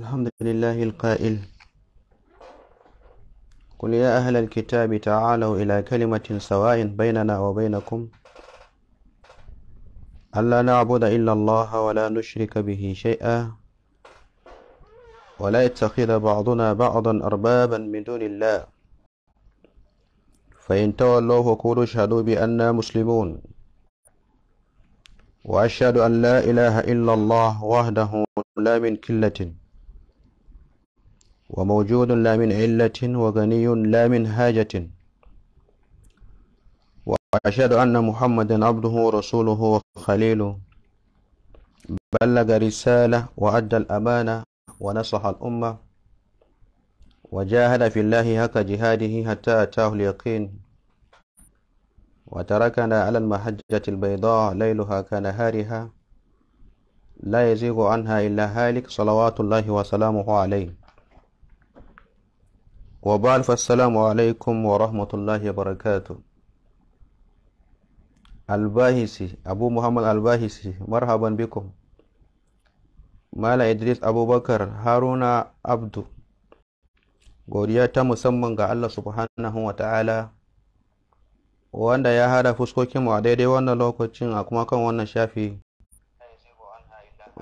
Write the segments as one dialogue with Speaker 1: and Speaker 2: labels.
Speaker 1: الحمد لله القائل قل يا أهل الكتاب تعالوا إلى كلمة سواء بيننا وبينكم ألا نعبد إلا الله ولا نشرك به شيئا ولا يتخذ بعضنا بعضا أربابا من دون الله فإن تولوا فقولوا اشهدوا بأننا مسلمون وأشهد أن لا إله إلا الله وحده لا من كلة وموجود لا من علة وغني لا من حاجة وأشهد أن محمدا عبده ورسوله وخليله بلغ رسالة وأدى الأمانة ونصح الأمة وجاهد في الله حق جهاده حتى أتاه اليقين وتركنا على المحجة البيضاء ليلها كنهارها لا يزيغ عنها إلا هالك صلوات الله وسلامه عليه wa ba fassalamu alaikum wa rahmatullahi wa barakatu albahisi abu muhammad albahisi marhaban bikum mala idris abubakar haruna abdu godiya ta musamman ga allah subhanahu wa ta'ala wanda ya hada fuskokinmu a daidai wannan lokacin a kuma kan wannan shafi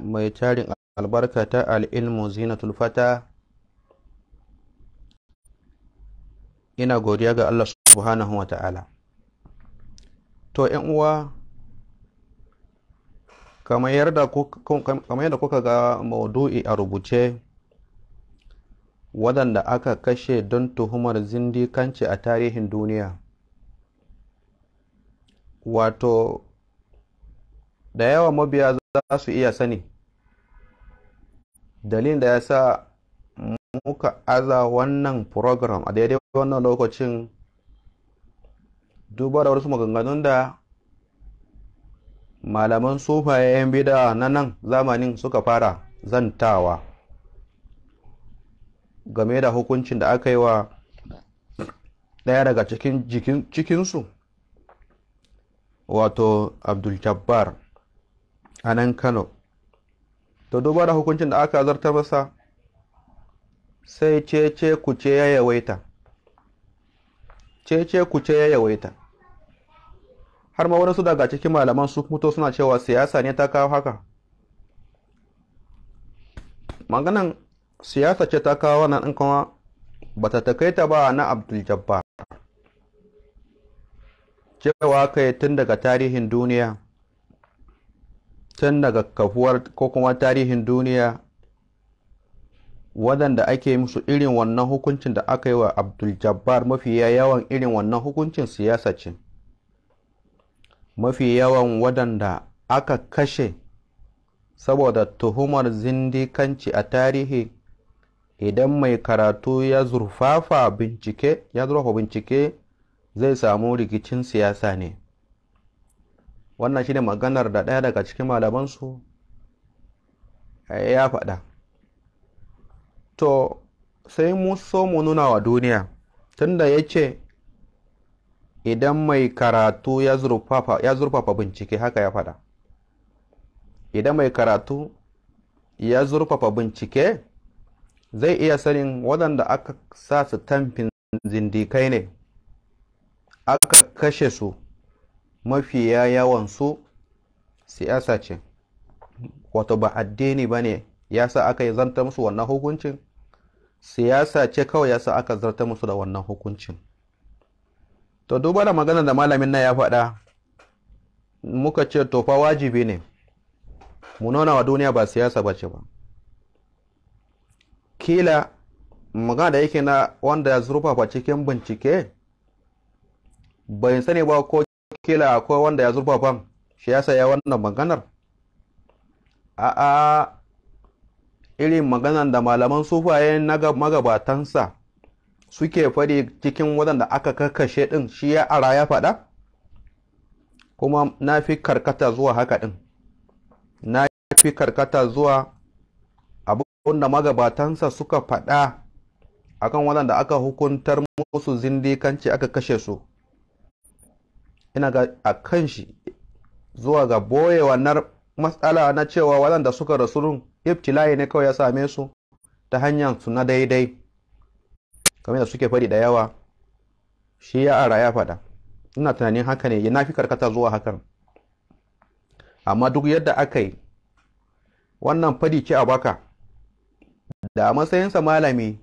Speaker 1: mai tarin albarka ta al'ilmu zinatul fata ina godiya ga Allah subhanahu wa ta'ala to yan uwa kamar yadda kuka ga maudu'i a rubuce waɗanda aka kashe don tuhumar zindikanci a tarihin duniya wato da yawa mabiya za su iya sani dalilin da ya sa muka aza wannan program a daidai wannan lokacin duba da wasu maganganun da malaman ya yin bida na nan zamanin suka fara zantawa game da hukuncin da aka yi wa ɗaya daga cikinsu wato abdul-jabbar a nan kano to duba da hukuncin da aka zarta masa sai cece ce ya yawaita cece ce ya yawaita har ma waɗansu daga cikin malaman su mutu suna cewa siyasa ne ta kawo haka maganan siyasa ce ta kawo wannan ɗin kuma ba ta takaita ba na abdul jabbar cewa kai tun daga tarihin duniya tun daga kafuwar ko kuma tarihin duniya waɗanda ake musu irin wannan hukuncin da aka yi wa abdul jabbar mafi yawan irin wannan hukuncin siyasa ce mafi yawan waɗanda aka kashe saboda tuhumar zindikanci a tarihi idan mai karatu ya zurfafa bincike ya zurfafa bincike zai samu rikicin siyasa ne wannan shi ne maganar da ɗaya daga cikin malamansu ya faɗa to sai mu so mu nuna wa duniya tunda ya ce idan mai karatu ya zurfafa bincike haka ya fada idan mai karatu ya zurfafa bincike zai iya sanin waɗanda aka sa su tamfin zindikai ne aka kashe su mafi mafiya su siyasa ce wato ba addini ba ne ya sa aka yi zanta musu wannan hukuncin siyasa ce kawai yasa aka zarta musu da wannan hukuncin to duba da magana da malamin na ya faɗa muka ce to fa wajibi ne mu nuna wa duniya ba siyasa ba ce ba kila magana da yake na wanda ya zurfafa cikin bincike bai sani ba ko kila akwai wanda ya zurfafa shi yasa ya wannan maganar a'a irin maganan da malaman sufaye na magabatansa suke faɗi cikin wadanda aka karkashe ɗin shi ya ara ya faɗa kuma na fi karkata zuwa haka ɗin na fi karkata zuwa abubuwan da magabatansa suka faɗa akan wadanda aka hukuntar musu zindikanci aka kashe su ina ga a kan shi zuwa ga boye wannan matsala na cewa waɗanda suka rasu ibtila'i ne kawai ya same su ta hanyar su na daidai kamar da suke faɗi da yawa shi ya ara ya faɗa ina tunanin haka ne na fi karkata zuwa hakan amma duk yadda aka yi wannan faɗi ce a baka da matsayinsa malami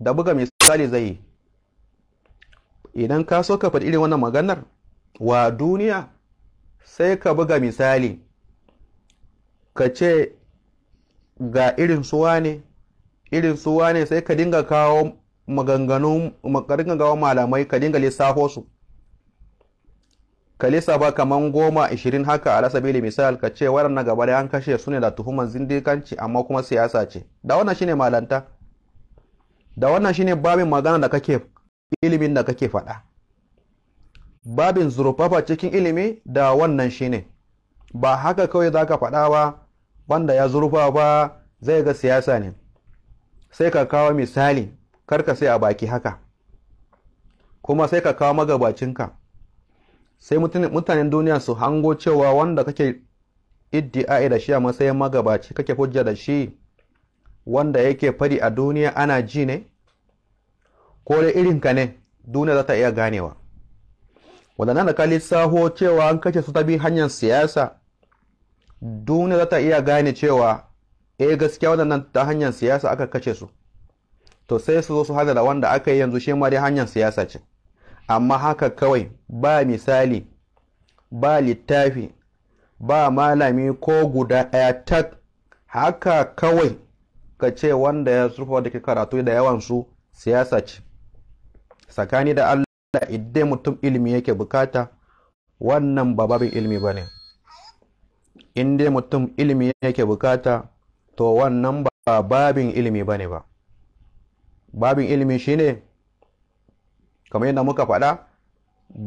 Speaker 1: da buga misali zai yi idan ka so ka faɗi irin wannan maganar wa duniya sai ka buga misali ka ce ga irin suwa ne irin suwa ne sai ka dinga kawo maganganu ka dinga kawo malamai ka dinga lissafo su ka lissafa kaman goma ishirin haka a lasabili misal ka ce waɗannan gaba da an kashe su ne da tuhuman zindikanci amma kuma siyasa ce da wannan shine malanta da wannan shine babin magana da kake ilimin da kake faɗa babin zurfafa cikin ilimi da wannan shine ba haka kawai za ka faɗa ba wanda ya zurfa ba zai ga siyasa ne sai ka kawo misali karka sai a baki haka kuma sai ka kawo magabacinka sai mutanen duniya su hango cewa wanda kake iddi'a'i da shi a matsayin magabaci kake hujja da shi wanda yake fadi a duniya ana ji ne ko da irinka ne duniya za ta iya ganewa Wadannan da ka lissaho cewa an kashe su ta bi hanyar siyasa Mm. duniya za ta iya gane cewa eh gaskiya waɗannan ta hanyar siyasa aka kace su to sai su zo su hada da wanda aka yi yanzu shi ma dai hanyar siyasa ce amma haka kawai ba misali ba littafi ba malami ko guda ɗaya tak haka kawai ka ce wanda ya zurfa da ke karatu da yawan su siyasa ce tsakani da allah idan mutum ilimi yake bukata wannan ba ilimi ba ne in dai mutum ilimi yake bukata to wannan ba babin ilimi ba ne ba babin ilimi shine kamar yadda muka faɗa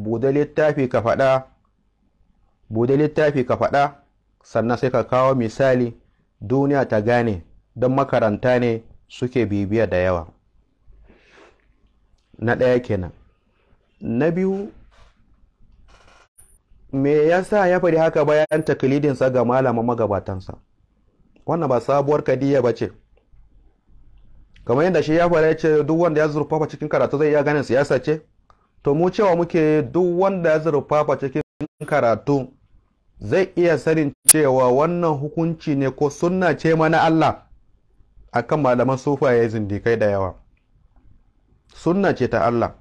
Speaker 1: bude littafi ka faɗa littafi ka faɗa sannan sai ka kawo misali duniya ta gane don makaranta ne suke bibiya da yawa na ɗaya kenan na biyu me ya yasa ya faɗi haka bayan taklidinsa ga malaman magabatansa wannan ba sabuwar kadiyya ba ce kamar yadda shi ya faɗa ya ce duk wanda ya zurfafa cikin karatu zai iya ganin siyasa ce to mu cewa muke duk wanda ya zurfafa cikin karatu zai iya sanin cewa wannan hukunci ne ko sunna ce mana Allah akan malaman sufaye zindikai da yawa sunna ce ta Allah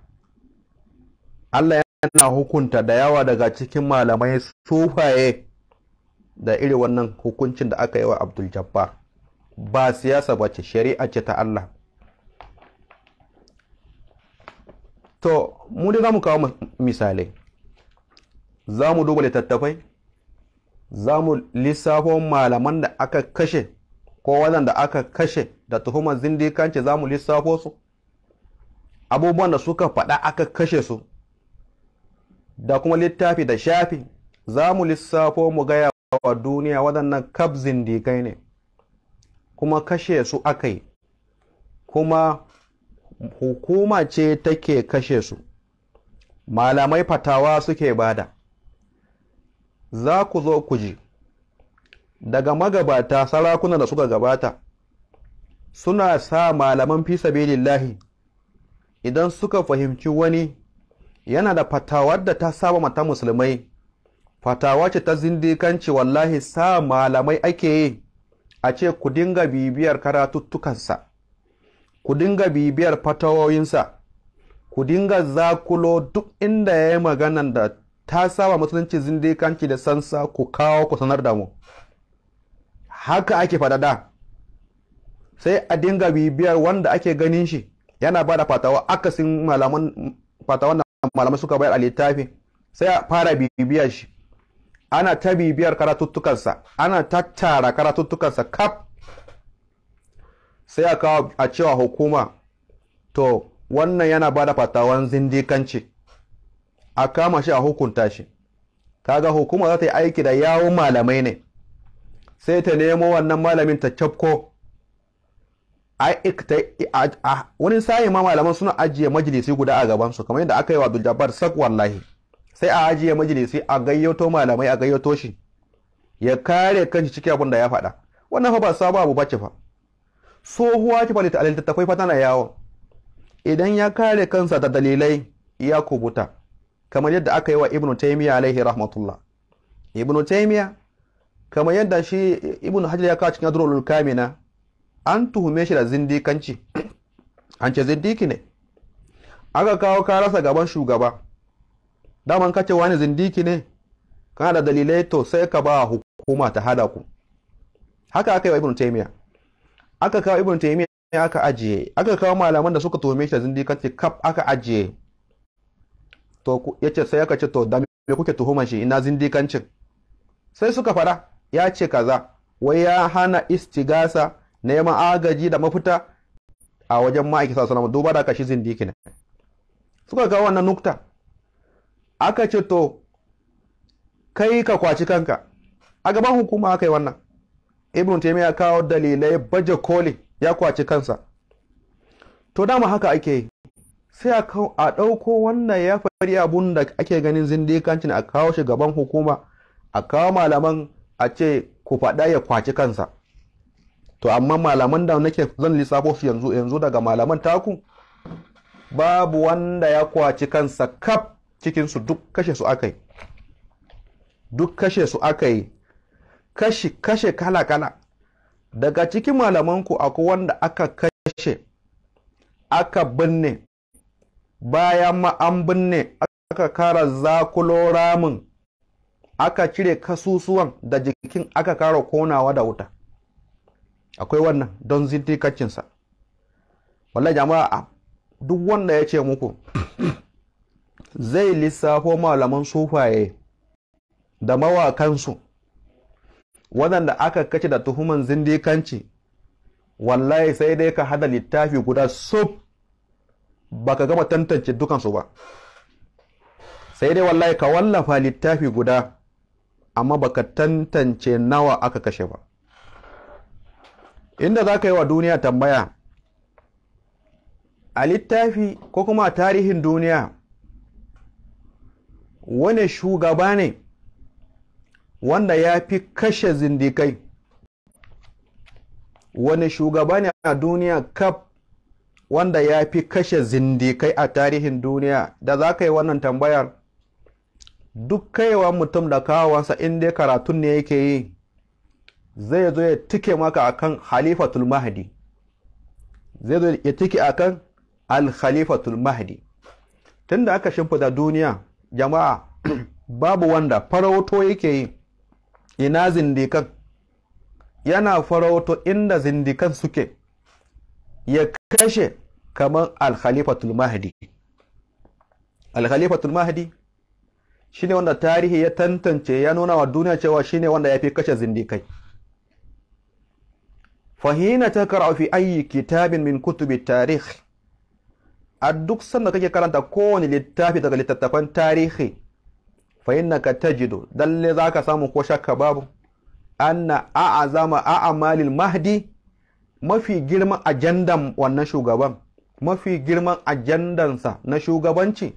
Speaker 1: Allah yana hukunta da yawa daga cikin malamai sufaye da iri wannan hukuncin da aka yi wa abdul jabbar ba siyasa ba ce shari'a ce ta Allah to mu dai za mu kawo misalai za mu duba littattafai za mu lissafo malaman da aka kashe ko waɗanda aka kashe da tuhumar zindikanci za mu lissafo su abubuwan da suka faɗa aka kashe su da kuma littafi da shafi za mu lissafo mu gaya wa duniya waɗannan kabzin dikai ne kuma kashe su aka yi kuma hukuma ce take kashe su malamai fatawa suke bada za ku zo ku ji daga magabata sarakuna da suka gabata suna sa malaman fi sabilillahi idan suka fahimci wani yana da fatawar da ta saba mata musulmai fatawa ce ta zindikanci wallahi sa malamai ake yi a ce ku dinga bibiyar karatuttukansa ku dinga bibiyar fatawoyinsa ku dinga zakulo duk inda ya yi maganan da ta saba musulunci zindikanci da sansa ku kawo ku sanar da mu haka ake fadada sai a dinga bibiyar wanda ake ganin shi yana ba da fatawa akasin malaman fatawan malamai suka bayar a littafin sai a fara bibiyar shi ana ta bibiyar karatuttukansa ana tattara karatuttukansa kaf sai a kawo a cewa hukuma to wannan yana ba da fatawan zindikanci a kama shi a hukunta shi kaga hukuma za ta yi aiki da yawun malamai ne sai ta nemo wannan malamin ta cafko wani sayi ma malaman suna ajiye majalisi guda a gabansu, kamar yadda aka yi wa Abdul Jabbar sak wallahi sai a ajiye majalisi a gayyato malamai a gayyato shi ya kare kan shi cikin abin da ya faɗa wannan fa ba sabo abu bace fa tsohuwa ki ba ta littattafai fa tana yawo idan ya kare kansa da dalilai ya kubuta kamar yadda aka yi wa Ibn Taymiyyah alaihi rahmatullah Ibn Taymiyyah kamar yadda shi Ibn Hajar ya kawo cikin Adrulul Kamina an tuhume shi da zindikanci an ce zindiki ne aka kawo karasa gaban shugaba daman ka ce wani zindiki ne kana da dalilai to sai ka ba hukuma ta hada ku haka aka yi wa ibn taymiya aka kawo ibn taymiya aka ajiye aka kawo malaman da suka tuhume shi da zindikanci kaf aka ajiye to yace sai aka ce to da me kuke tuhuma shi ina zindikancin sai suka fada ya ce kaza wai ya hana istigasa neman agaji da mafita a wajen ma'aiki sa duba da kashi zindiki ne suka ga wannan nukta aka ce to kai ka kwaci kanka a gaban hukuma aka yi wannan ibn ya kawo dalilai baje koli ya kwaci kansa to dama haka ake yi sai a ɗauko wannan ya fari abun da ake ganin zindikancin a kawo shi gaban hukuma a kawo malaman a ce ku faɗa ya kwaci kansa to amma malaman da nake zan lissafo su yanzu yanzu daga malaman taku babu wanda ya kwaci kansa kaf cikin su duk kashe su akai duk kashe su akai kashi kashe kala kala daga cikin malamanku akwai wanda aka kashe aka binne bayan ma an binne aka kara zakulo ramin aka cire kasusuwan da jikin aka kara konawa da wuta akwai wannan don zindikancinsa wallahi jama'a duk wanda ya ce muku zai lissafo malaman sufaye da mawakansu waɗanda aka kace da tuhuman zindikanci wallahi sai dai ka hada littafi guda sub ka gama tantance dukansu ba sai dai wallahi ka wallafa littafi guda amma ba ka tantance nawa aka kashe ba inda za ka yi wa duniya tambaya a littafi ko kuma tarihin duniya wane shugaba ne wanda ya fi kashe zindikai wane shugaba ne a duniya kaf wanda ya fi kashe zindikai a tarihin duniya da za ka yi wannan tambayar duk kaiwa mutum da kawansa inda karatun ne yake yi zai zo ya tike maka akan khalifatul mahdi zai zo ya tike akan al khalifatul mahdi tunda aka shimfida duniya jama'a babu wanda farauto yake yi ina zindikan yana farauto inda zindikan suke ya kashe kamar al-khalifatul mahdi al-khalifatul mahdi shine wanda tarihi ya tantance ya nuna wa duniya cewa shine wanda ya fi kashe zindikai fahina ta kara fi ayi kitabin min kutubi tarih a duk sanda kake karanta kowane littafi daga littattafan tarihi ka ta jido dalle za ka samu ko shakka babu anna A'a, a'malil mahdi mafi girman ajandan wannan shugaban mafi girman ajandansa na shugabanci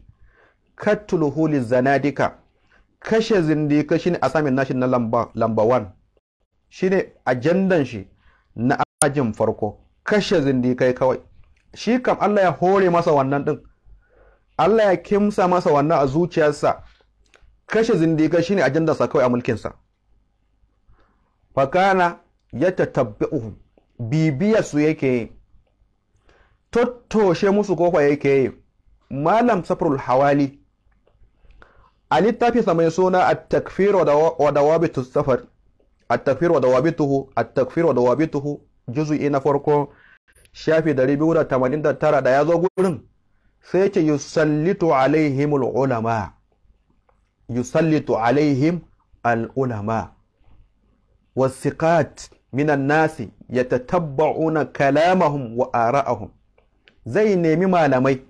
Speaker 1: kattuluhu zanadika kashe ne a samin nashi na lamba 1 ne ajandan shi na ajin farko kashe zindikai kawai shi kam Allah ya hore masa wannan din Allah ya kimsa masa wannan a zuciyarsa kashe zindikai shine ajandarsa kawai a mulkinsa fakana ya su bibiyarsu yake yi tattoshe musu kofa yake yi malam safarul hawali a littafinsa mai suna a takfir wa dawabitu safar at-takfir wa dawabituhu at-takfir wa dawabituhu juz'i na farko shafi 289 da ya zo gurin sai yace yusallitu alaihim ulama yusallitu alaihim al-ulama wasiqat minan nasi yatatabba'una kalamahum wa ara'ahum zai nemi malamai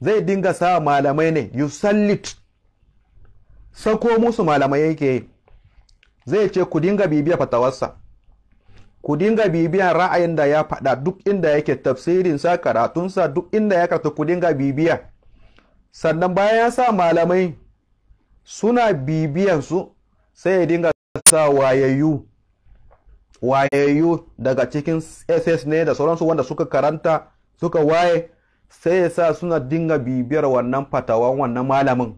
Speaker 1: zai dinga sa malamai ne yusallit sako musu malamai yake zai ce ku dinga bibiya fatawarsa ku dinga bibiyar ra'ayin da ya faɗa duk inda yake tafsirin sa karatunsa duk inda ya karatu ku dinga bibiya sannan bayan ya sa malamai suna bibiyansu sai ya dinga sa wayayyu wayayyu daga cikin ss ne da sauransu wanda suka karanta suka waye sai ya sa suna dinga bibiyar wannan fatawan wannan malamin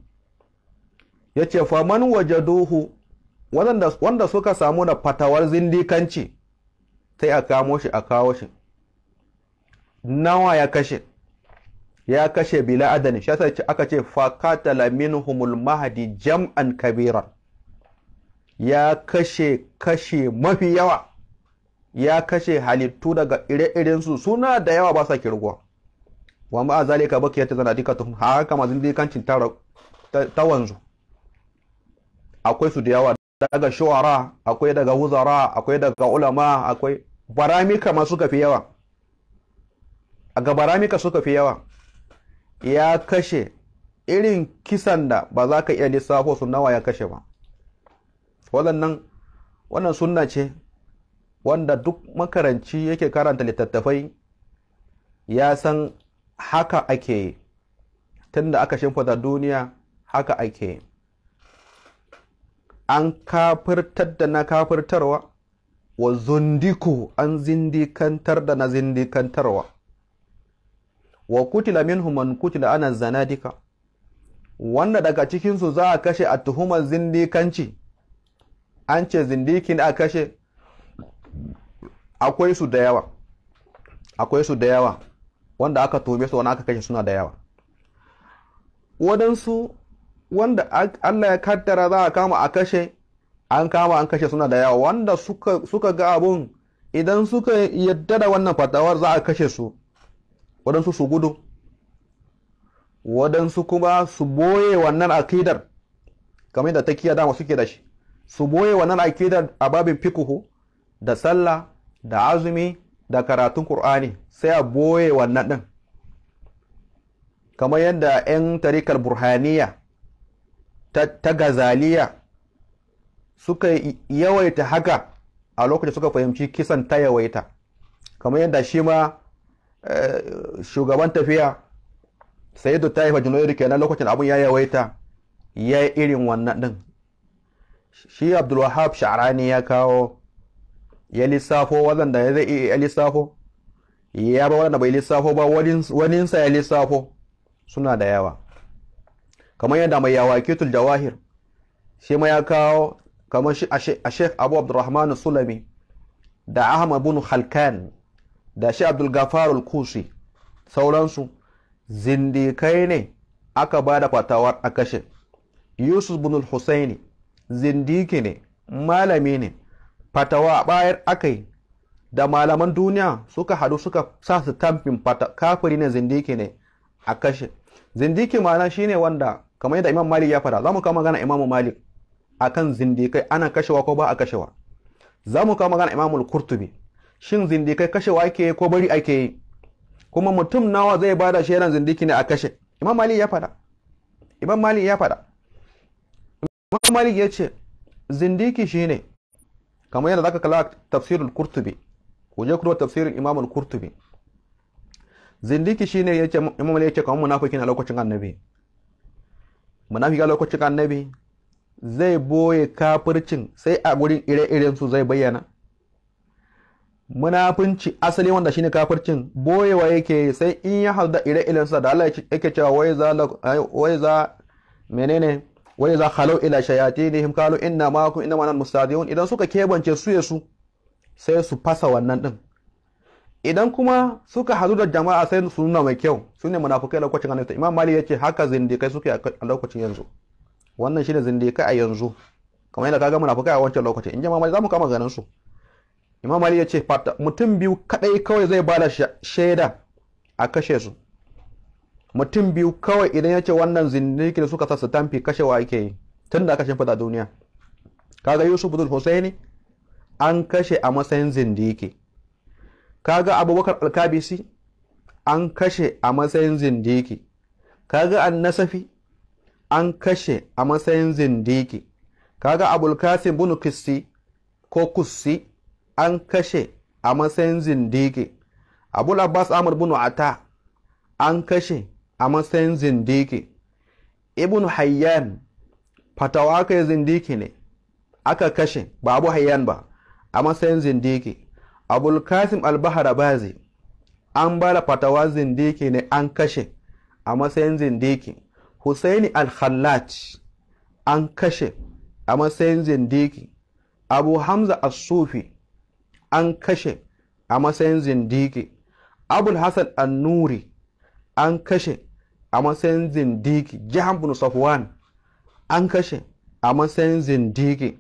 Speaker 1: ya ce faman wajaduhu wanda suka samu da fatawar zindikanci sai a kamo shi a kawo shi nawa ya kashe ya kashe bila adani shi aka ce laminu humul mahadi jam'an kabira ya kashe kashe mafi yawa ya kashe halittu daga ire-irensu suna da yawa ba sa kirguwa wa zale ka baki yadda zana dika tun haka mazin dikancin ta wanzu akwai su da yawa daga shuwara, akwai daga wuzara akwai daga ulama akwai baramika ma suka fi yawa a ga baramika suka fi yawa ya kashe irin kisan da ba za ka iya lissafo su nawa ya kashe ba waɗannan wannan sunna ce wanda duk makaranci yake karanta littattafai ya san haka ake yi tun da aka shimfata duniya haka ake yi an kafirtar da na kafirtarwa wa zundiku an zindikantar da na zindikantarwa wa kutila minhum man kutila ana zanadika wanda daga cikinsu za a kashe a tuhumar zindikanci an ce zindikin a kashe akwai su da yawa akwai su da yawa wanda aka tuhume su wani aka kashe suna da yawa waɗansu wanda Allah ya kaddara za a kama a kashe an kama an kashe suna da yawa wanda suka, ga abun idan suka yadda da wannan fatawar za a kashe su waɗansu su gudu waɗansu kuma su boye wannan akidar kamar da takiya dama suke da shi su boye wannan akidar a babin fikuhu da sallah da azumi da karatun ƙur'ani sai a boye wannan ɗin kamar yadda 'yan tarikar burhaniya ta gazaliya suka yawaita haka a lokacin suka fahimci kisan ta yawaita kamar yadda shi ma eh, shugaban tafiya ta taifa junairu kenan lokacin abin ya yawaita ya yi irin wannan din shi abdulwahab sha'rani ya kawo ya lissafo wadanda ya zai iya lissafo ya ba wadanda bai lissafo ba waninsa ya lissafo suna da yawa kamar yadda mai yawa yawakitul jawahir shi ma ya kawo kamar shi a sheikh abu abdurrahman sulami da ahmad bin halkan da shi abdul gafarul kushi sauransu zindikai ne aka ba da fatawar a kashe yusuf bin husaini zindiki ne malami ne fatawa bayar aka yi da malaman duniya suka hadu suka sa su tamfin kafiri ne zindiki ne a kashe zindiki ma'ana shine wanda kamar yadda imam malik ya fara za mu kawo magana imam malik A kan zindikai ana kashewa ko ba a kashewa za mu kawo magana imam kurtubi shin zindikai kashewa ake yi ko bari ake yi kuma mutum nawa zai bada shaidan zindiki ne a kashe imam malik ya fara imam malik ya fara imam malik ya ce zindiki shine kamar yadda zaka kalla tafsirul kurtubi ku je ku tafsirin imam kurtubi zindiki shine ce imam malik ya ce kamar munafiki a lokacin annabi munafiki lokacin annabi zai boye kafircin sai a gurin ire-iren su zai bayyana munafinci asali wanda shine kafircin boyewa yake sai in ya halda ire-iren sa da Allah yake cewa wai za wai za menene wai za halau ila shayatinihim qalu inna ma'akum inna ma'an mustadiun idan suka kebance su ya su sai su fasa wannan din idan kuma suka hadu da jama'a sai su nuna mai kyau su ne munafukai lokacin annabi imam mali ce haka zindikai suke a lokacin yanzu wannan shi ne zindikai a yanzu kamar yadda kaga munafukai a wancan lokacin in jama'a za mu kama ganin su imam mali ya fata mutum biyu kadai kawai zai bada shaida a kashe su mutum biyu kawai idan yace wannan zindiki da suka sassa tamfi kashewa ake yi tun da aka shimfida duniya kaga yusuf bin husaini an kashe a matsayin zindiki kaga abubakar alkabisi an kashe a matsayin zindiki kaga annasafi an kashe a matsayin zindiki kaga abulkasim bunu kisti ko kusi an kashe a matsayin zindiki abul abbas amur bunu ata an kashe a matsayin zindiki ibn hayyan fatawa kai zindiki ne aka kashe ba abu hayyan ba a matsayin zindiki abulkasim bazi an da fatawa zindiki ne an kashe a matsayin zindiki husaini al an kashe a matsayin zindiki abu hamza Asufi an kashe a matsayin zindiki abul hassan an an kashe a matsayin zindiki jihar bin safwan an kashe a matsayin zindiki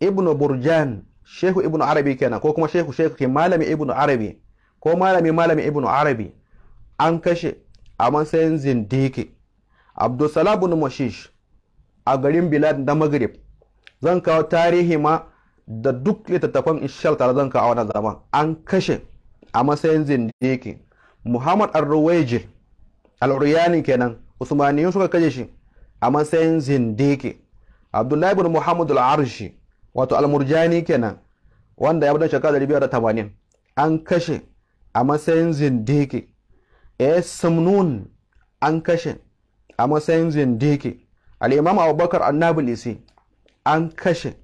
Speaker 1: ibnu burjan shehu ibn arabi kenan ko kuma shehu shehu ke malami ibn arabi ko malami malami ibn arabi an kashe a matsayin zindiki abdulsalam ibn mashish a garin bilad na maghrib zan kawo tarihi ma da duk littattafan ishal tare zan kawo wannan zaman an kashe a matsayin zindiki muhammad ar-ruwaiji al kenan usmaniyun suka kashe shi a matsayin zindiki abdullahi ibn muhammad al-arshi wato almurjani kenan wanda ya bi don shekara tamanin, an kashe a matsayin zindiki ya eh, samnun an kashe a matsayin zindiki al'imam abubakar annabilisi an kashe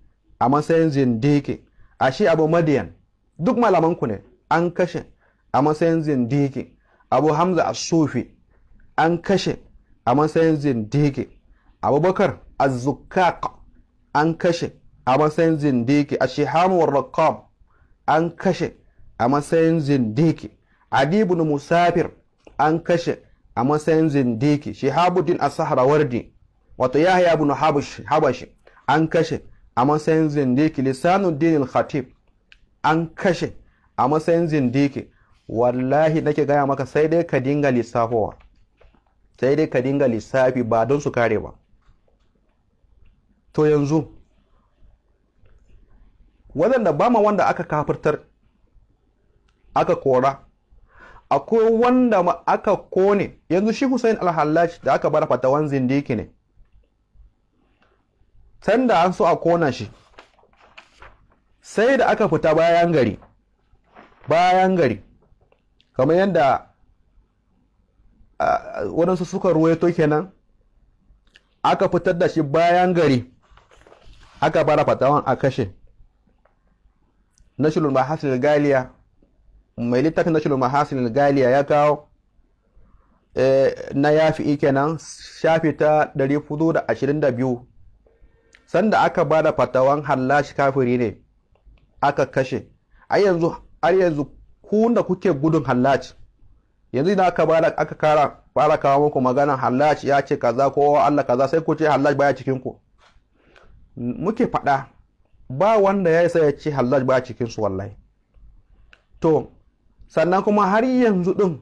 Speaker 1: a matsayin zindiki ashe abu madiyan duk malamanku ne an kashe a matsayin zindiki abu hamza a sufi an kashe a matsayin zindiki abubakar azzukak an kashe a matsayin zindiki a shihamuwar rakab an kashe a matsayin zindiki dibin musafir an kashe a matsayin zindiki din a wardi wato yahya ibn habashi an kashe a matsayin zindiki lisanuddin khatib an kashe a matsayin zindiki wallahi nake gaya maka sai dai ka dinga lissafowa sai dai ka dinga lissafi ba don su kare ba to yanzu waɗanda ba ma wanda aka kafirtar aka kora akwai wanda ma aka kone yanzu shi Hussein al-Hallaj da aka bar fatawan zindiki ne can da an so a kona shi sai da aka fita bayan gari bayan gari kamar yadda ah, waɗansu suka ruwaito kenan aka fitar da shi bayan gari aka bara fatawan a kashe nashirin galiya mai littafin nashirin mahasil galiya ya kawo eh, na yafi nan shafi ta 422 sanda aka ba da fatawan hallashi kafiri ne aka kashe a yanzu har yanzu ku da kuke gudun hallaci yanzu idan aka bada aka kara fara kawo muku maganan hallaci ya ce kaza ko Allah kaza sai ku ce hallaci baya cikin ku muke faɗa ba wanda ya isa ya ce hallaj ba cikin su wallahi to sannan kuma har yanzu din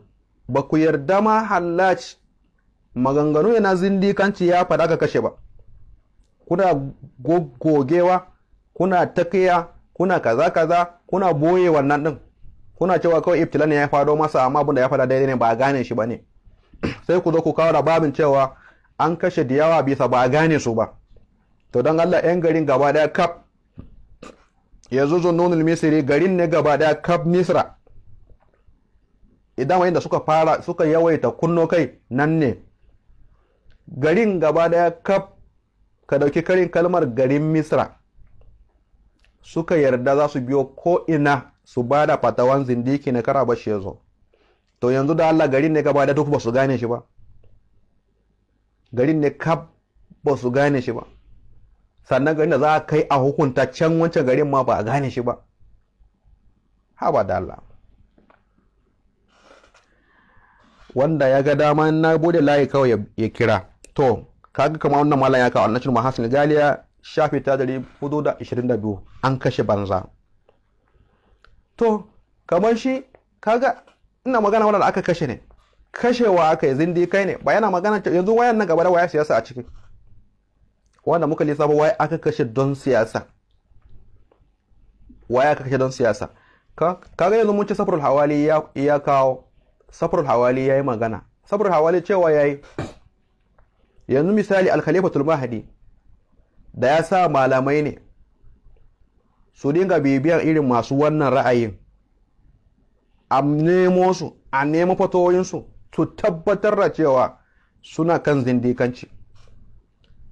Speaker 1: ba ku yarda ma hallaj maganganu yana zindikanci ya faɗa ka kashe ba kuna gogewa kuna takiya kuna kaza kaza kuna boye wannan din kuna cewa kawai iftilan ne ya faɗo masa amma abin da ya faɗa daidai ne ba a gane shi ba ne sai ku zo ku kawo rababin cewa an kashe da yawa bisa ba a gane su ba to don allah yan garin gaba daya kaf yanzu zunnunul Misiri, garin ne gaba daya kaf misra idan da suka fara suka yawaita kunno kai nan ne garin gaba daya kaf ka dauki karin kalmar garin misra suka yarda za su biyo ko ina su ba da fatawan zindiki na kara bashi ya zo to yanzu da Allah garin ne gaba daya duk ba su gane shi ba garin ne kaf ba su gane shi ba sannan garin da za a kai a hukunta can wancan garin ma ba a gane shi ba haba da Allah wanda ya ga dama na bude layi kawai ya kira to kaga kamar wannan malam ya kawo annashin mahasin galiya shafi ta dari hudu da ishirin da biyu an kashe banza to kamar shi kaga ina magana wanda aka kashe ne kashewa aka yi zindi kai ne ba yana magana yanzu wayan nan gaba da waya siyasa a ciki wanda muka lissafa waye aka kashe don siyasa wai aka kashe don siyasa kaga yanzu mun ci safarul hawali ya kawo safarul hawali ya yi magana safarul hawali cewa ya yi yanzu misali alkhalifatul mahadi da ya sa malamai ne su dinga bibiyar irin masu wannan ra'ayin a nemo su a nemo fatoyinsu su tabbatar da cewa suna kan zindikanci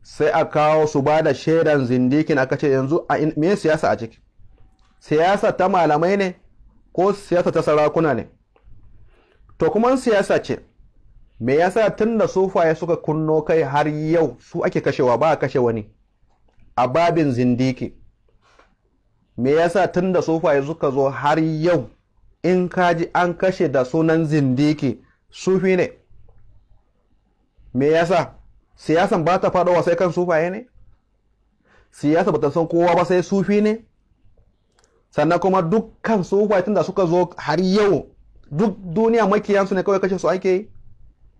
Speaker 1: sai a kawo su ba da shaidan zindikin aka ce yanzu a me siyasa a ciki siyasa ta malamai ne ko siyasa ta sarakuna ne to kuma siyasa ce me yasa tun da sufaye suka kunno kai har yau su ake kashewa ba a kashe wani a babin zindiki me yasa tun da sufaye suka zo har yau in kaji an kashe da sunan zindiki sufi ne me yasa siyasan ba ta wa sai kan sufaye ne siyasa ba ta san kowa ba sai sufi ne sannan kuma dukkan sufaye tun da suka zo har yau duk duniya makiyansu ne kawai kashe su ake yi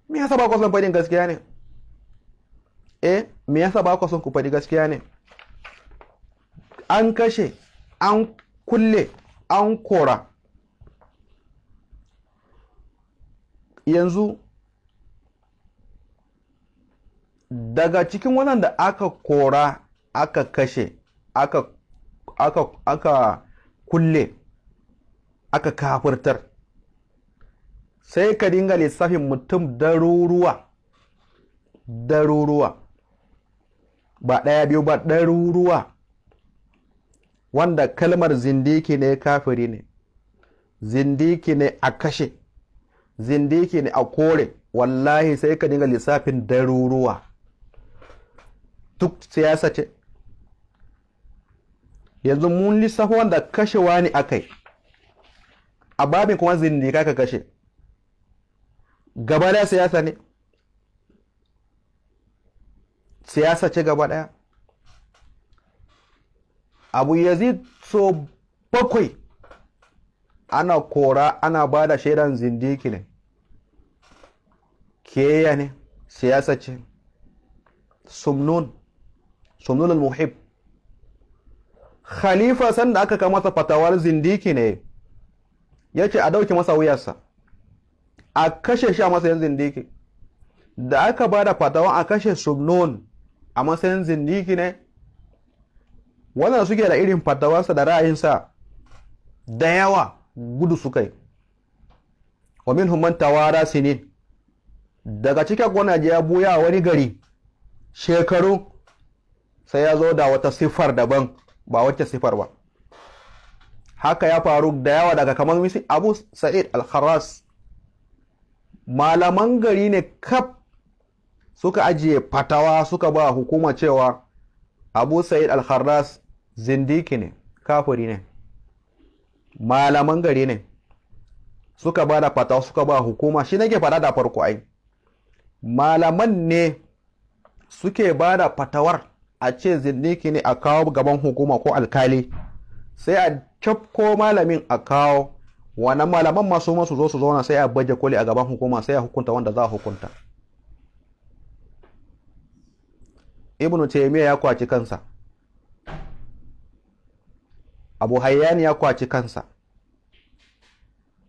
Speaker 1: me yasa ba ku son faɗin gaskiya ne eh me yasa ba ku son ku faɗi gaskiya ne an kashe an kulle an kora yanzu daga cikin waɗanda aka kora aka kashe aka aka aka kulle aka kafirtar sai ka dinga lissafin mutum daruruwa daruruwa ba ɗaya biyu ba daruruwa wanda kalmar zindiki ne kafiri ne zindiki ne a kashe zindiki ne a kore wallahi sai ka dinga lissafin daruruwa duk siyasa ce yanzu mun lissafo wanda kashewa ne akai a babin kuma zindika ka kashe gaba daya siyasa ne siyasa ce gaba daya abu yazi so bakwai ana kora ana ba da shaidan zindiki ne keya ne siyasa ce sumnun sumnul al-muhib khalifa san da aka kamata fatawar zindiki ne yace a dauke masa wuyarsa a kashe shi a matsayin zindiki da aka ba da fatawa a kashe sumnun a matsayin zindiki ne wannan suke da irin fatawarsa da ra'ayinsa da yawa gudu su kai wa man tawara sinin daga cikin gwanaje ya buya wani gari shekaru sai ya zo da wata siffar daban ba wacce siffar ba haka ya faru da yawa daga kamar misi abu sa'id al-kharas malaman gari ne kaf suka ajiye fatawa suka ba hukuma cewa abu sa'id al-kharas zindiki ne kafuri ne malaman gari ne suka ba da fatawa suka ba hukuma shi nake fada da farko ai malaman ne suke ba da fatawar a ce zindiki ne a kawo gaban hukuma ko alkali sai a cafko malamin a kawo wannan malaman masu masu zo su zauna sai a baje koli a gaban hukuma sai a hukunta wanda za a hukunta ibnu taimiyya ya kwaci kansa abu hayyani ya kwaci kansa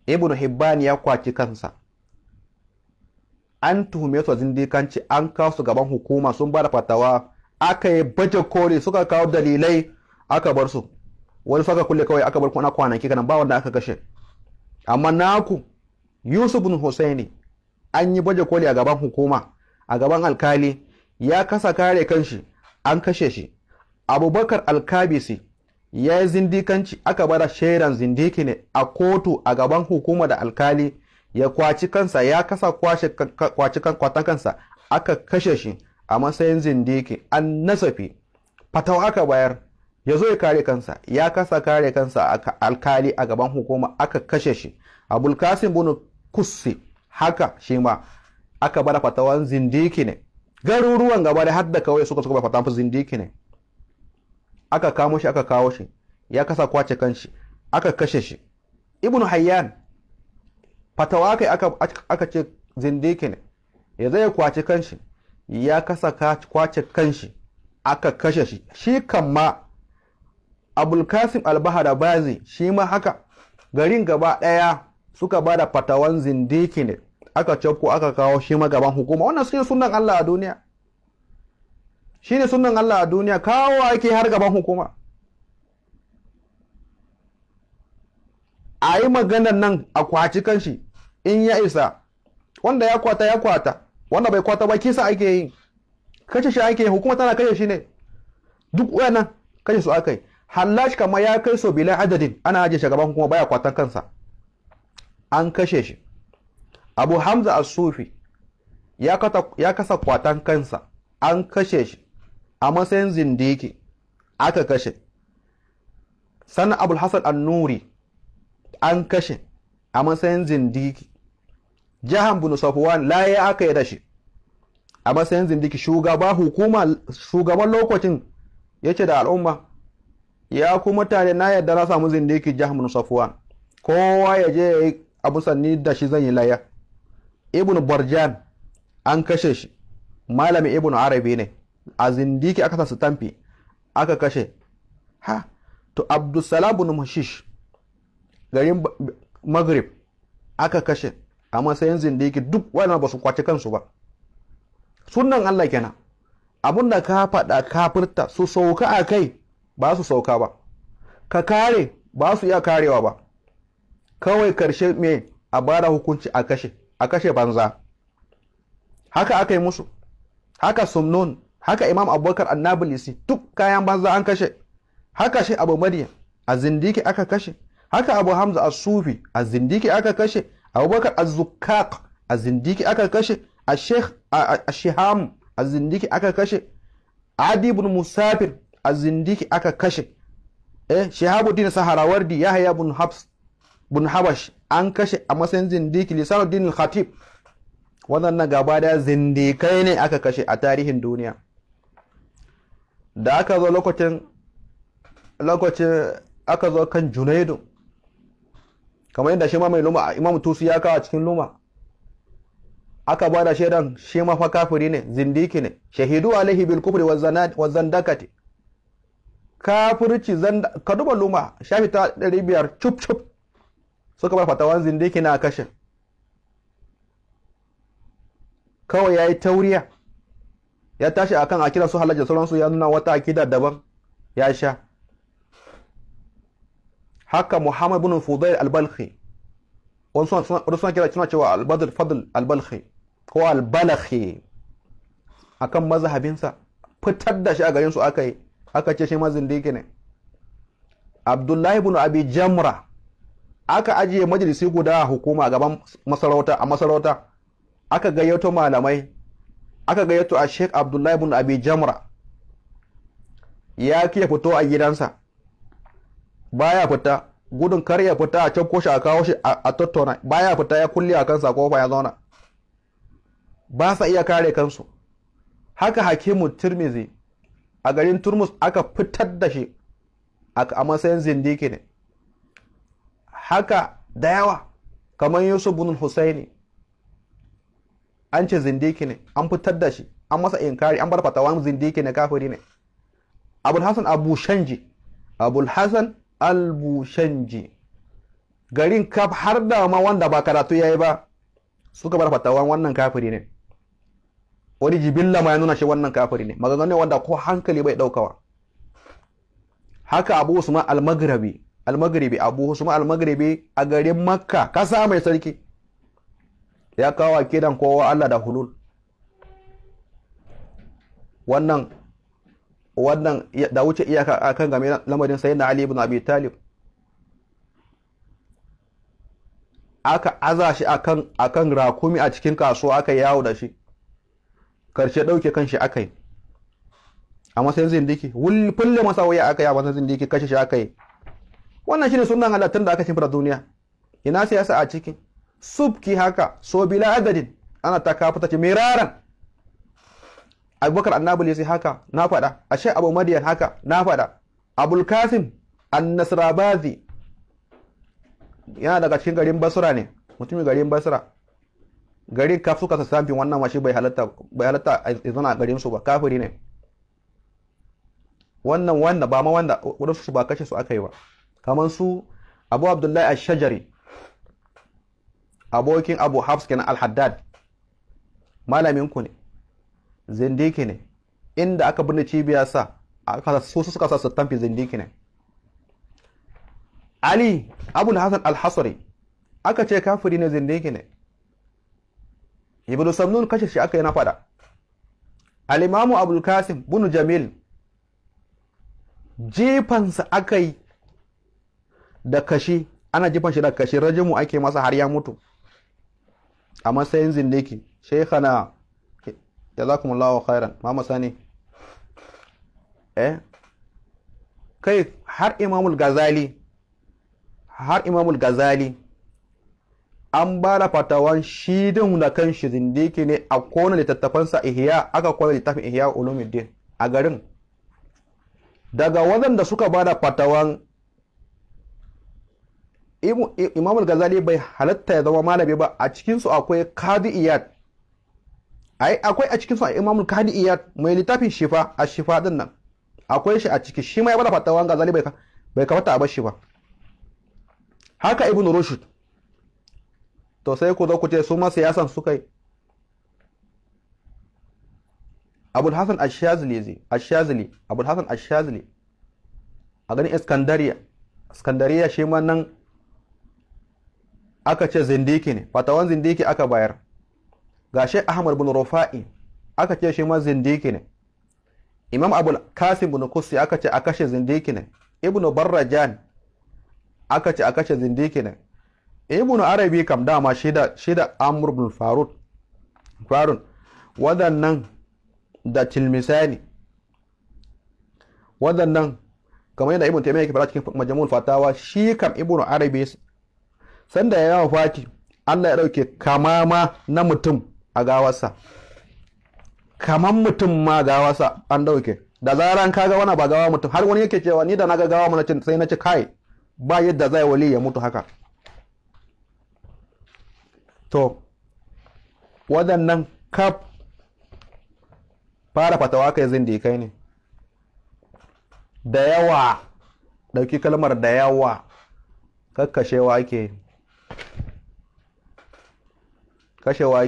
Speaker 1: ibnu Hibbani ya kwaci kansa an tuhume su zindikanci an kawo su gaban hukuma sun ba da fatawa aka yi baje kore suka kawo dalilai aka bar su wani suka kulle kawai aka bar kuna kwanaki kanan ba wanda aka kashe amma naku yusuf bin husaini an yi baje koli a gaban hukuma a gaban alkali ya kasa kare kanshi an kashe shi abubakar alkabisi ya yi zindikanci aka bada shaidan zindiki ne a kotu a gaban hukuma da alkali ya kwaci kansa ya kasa kwace kwatan kansa aka kashe shi a matsayin zindiki an nasafi fatawa aka bayar ya zo ya kare kansa ya kasa kare kansa a alkali a gaban hukuma aka kashe shi kasim bunu kusse haka shi ma aka bada fatawan zindiki ne garuruwan gaba da hadda kawai suka suka fatawan zindiki ne aka kamo shi aka kawo shi ya kasa kwace kanshi aka kashe shi ibnu hayyan fatawa kai aka, aka ce zindiki ne ya zai kwace kanshi ya kasa kwace kanshi aka kashe shi shi kan ma abulkasim albahara bazi shi ma haka garin gaba ɗaya suka ba da fatawan zindiki ne aka cakko aka kawo shi magaban hukuma wannan su ne sunan Allah a duniya shi ne sunan Allah a duniya kawo ake har gaban hukuma a yi maganar nan a kwaci kanshi in ya isa wanda ya kwata ya kwata wanda bai kwata ba kisa ake yi kashe shi ake yi hukuma tana kashe shi ne duk wayannan kashe su aka yi hallash kamar ya kai so bila adadin ana ajiye shi gaban hukuma baya kwatan kansa an kashe shi abu hamza as-sufi ya kasa kwatan kansa an kashe shi a matsayin zindiki aka kashe sannan abul hasan an-nuri an kashe a matsayin zindiki jahan bin safuwan la ya aka yi da shi a matsayin zindiki shugaba hukuma shugaban lokacin ya ce da al'umma ya ku mutane na yadda na samu zindiki jahan bin safuwan kowa ya je ya yi abu sanni da shi zan yi laya ibn barjan an kashe shi malamin ibn arabi ne a zindiki aka sasu tamfi aka kashe ha to abdussalam bin mashish garin maghrib aka kashe a matsayin zindiki duk wani ba su kwace kansu ba sunan Allah kenan abin da ka faɗa kafirta su sauka a kai ba su sauka ba ka kare ba su iya karewa ba kawai karshe me a bada hukunci a kashe a kashe banza haka aka yi musu haka sumnon haka imam abubakar annabilisi duk kayan banza an kashe haka shi abu mariya a zindiki aka kashe haka abu hamza a sufi a zindiki aka kashe abubakar az a zindiki aka kashe A Sheikh ash-shiham a zindiki aka kashe adi musafir a zindiki aka kashe eh shihabuddin saharawardi yahya bin habs ibn habash an kashe a matsayin zindiki lisanuddin al-khatib wannan gaba da zindikai ne aka kashe a tarihin duniya da aka zo lokacin lokacin aka zo kan junaidu kamar yadda shi ma mai luma imam Tusu ya kawo cikin luma aka ba da shaidan shi ma fa kafiri ne zindiki ne shahidu alaihi bil kufri wa zandakati kafirci zanda ka duba luma shafi ta biyar cup cup suka bar wani zindiki na kashe kawai ya yi tauriya ya tashi akan akida su halaje sauransu ya nuna wata akida daban ya sha haka Muhammad bin Fudayl al-Balkhi wani suna kira suna cewa al-Badr Fadl al-Balkhi ko al-Balkhi akan mazhabinsa fitar da shi a garin su aka yi aka ce shi mazindiki ne Abdullahi bin Abi Jamra aka ajiye majalisi guda hukuma a gaban masarauta a masarauta aka gayyato malamai aka gayyato a Sheikh Abdullahi bin Abi Jamra ya kiya fito a gidansa baya fita gudun kar ya fita a cakko shi a kawo shi a tattauna baya fita ya kulle a kansa kofa ya zauna ba sa iya kare kansu haka hakimu turmizi a garin turmus aka fitar da shi a matsayin zindiki ne haka da yawa kamar yusuf bin husaini an ce zindiki ne an fitar da shi an masa inkari an bar fatawa, zindiki ne kafiri ne abul hasan abu shanji abul hasan albushanji garin kaf har da ma wanda ba karatu ya yi ba suka bar fatawan wannan kafiri ne wani jibilla ma ya nuna shi wannan kafiri ne maganganu wanda ko hankali bai daukawa haka abu usman al-maghribi abu usman al a garin makka kasa mai sarki ya kawo kidan kowa Allah da hulul wannan wannan da wuce iyaka akan game lamarin sayyidina Ali ibn Abi Talib aka aza shi akan akan rakumi a cikin kasuwa aka yawo da shi karshe dauke kan shi aka yi a matsayin zindiki fulle masa waya aka yi a matsayin zindiki kashe shi aka yi wannan shine sunan halattun da aka shimfida duniya ina siyasa a cikin subki haka so bila adadin ana ta kafa ta ce miraran abubakar annabul sai haka na faɗa ashe abu madiyan haka na faɗa abul kasim Nasrabazi. yana daga cikin garin basura ne mutumin garin basura garin kafin suka sassamfin wannan mashi bai halatta bai halatta a zana garin su ba kafiri ne wannan wanda ba ma wanda wadansu su ba kashe su aka yi ba kamar su abu abdullahi Ashajari. shajari abokin abu hafs kenan al-haddad malamin ku ne zindiki ne inda aka binne cibiya sa aka so suka sa su tamfi zindiki ne ali abu na hasan al aka ce kafiri ne zindiki ne ibnu samnun kashe shi aka yi na fada Alimamu abul kasim bunu jamil jifansa aka yi da kashi ana jifan shi da kashi rajimu ake masa har ya mutu a matsayin zindiki shekhana jazakumullahu khairan mama sani eh kai har imamul gazali har imamul gazali an ba da fatawan shi din da kan shi zindiki ne a kona littattafansa ihya aka kona littafin ihya ulumuddin a garin daga waɗanda suka ba da fatawan imamul gazali bai halatta ya zama malami ba a cikinsu akwai kadi iyad ai akwai a cikin su imamul kadi iyad mai littafin shifa a shifa din nan akwai shi a ciki shi ma ya bada fatawa ga zali bai ka fata a bar shi ba haka ibn rushd to sai ku zo ku ce su ma siyasan su kai abul hasan ash-shazili zai ash-shazili abul hasan ash-shazili a ganin iskandariya iskandariya shi ma nan aka ce zindiki ne fatawan zindiki aka bayar shi ahmad bin rufa'i aka ce shi ma zindiki ne imam abul kasim bin kusi aka ce a kashe zindiki ne Ibn barrajan aka ce a kashe zindiki ne ibn arabi kam dama shi da shi da amr bin farud farun wadannan da tilmisani wadannan kamar yadda ibn taymiya yake fara cikin majmu'ul fatawa shi kam ibn arabi sanda ya yawa fati Allah ya dauke kamama na mutum a gawarsa kamar mutum ma gawarsa an dauke da zaran kaga wani ba gawa mutum har wani yake cewa ni da na ga gawa mana sai na ci kai ba yadda zai wali ya mutu haka to waɗannan kaf fara fatawa kai zindikai ne da yawa ɗauki kalmar da yawa kakkashewa ke kashewa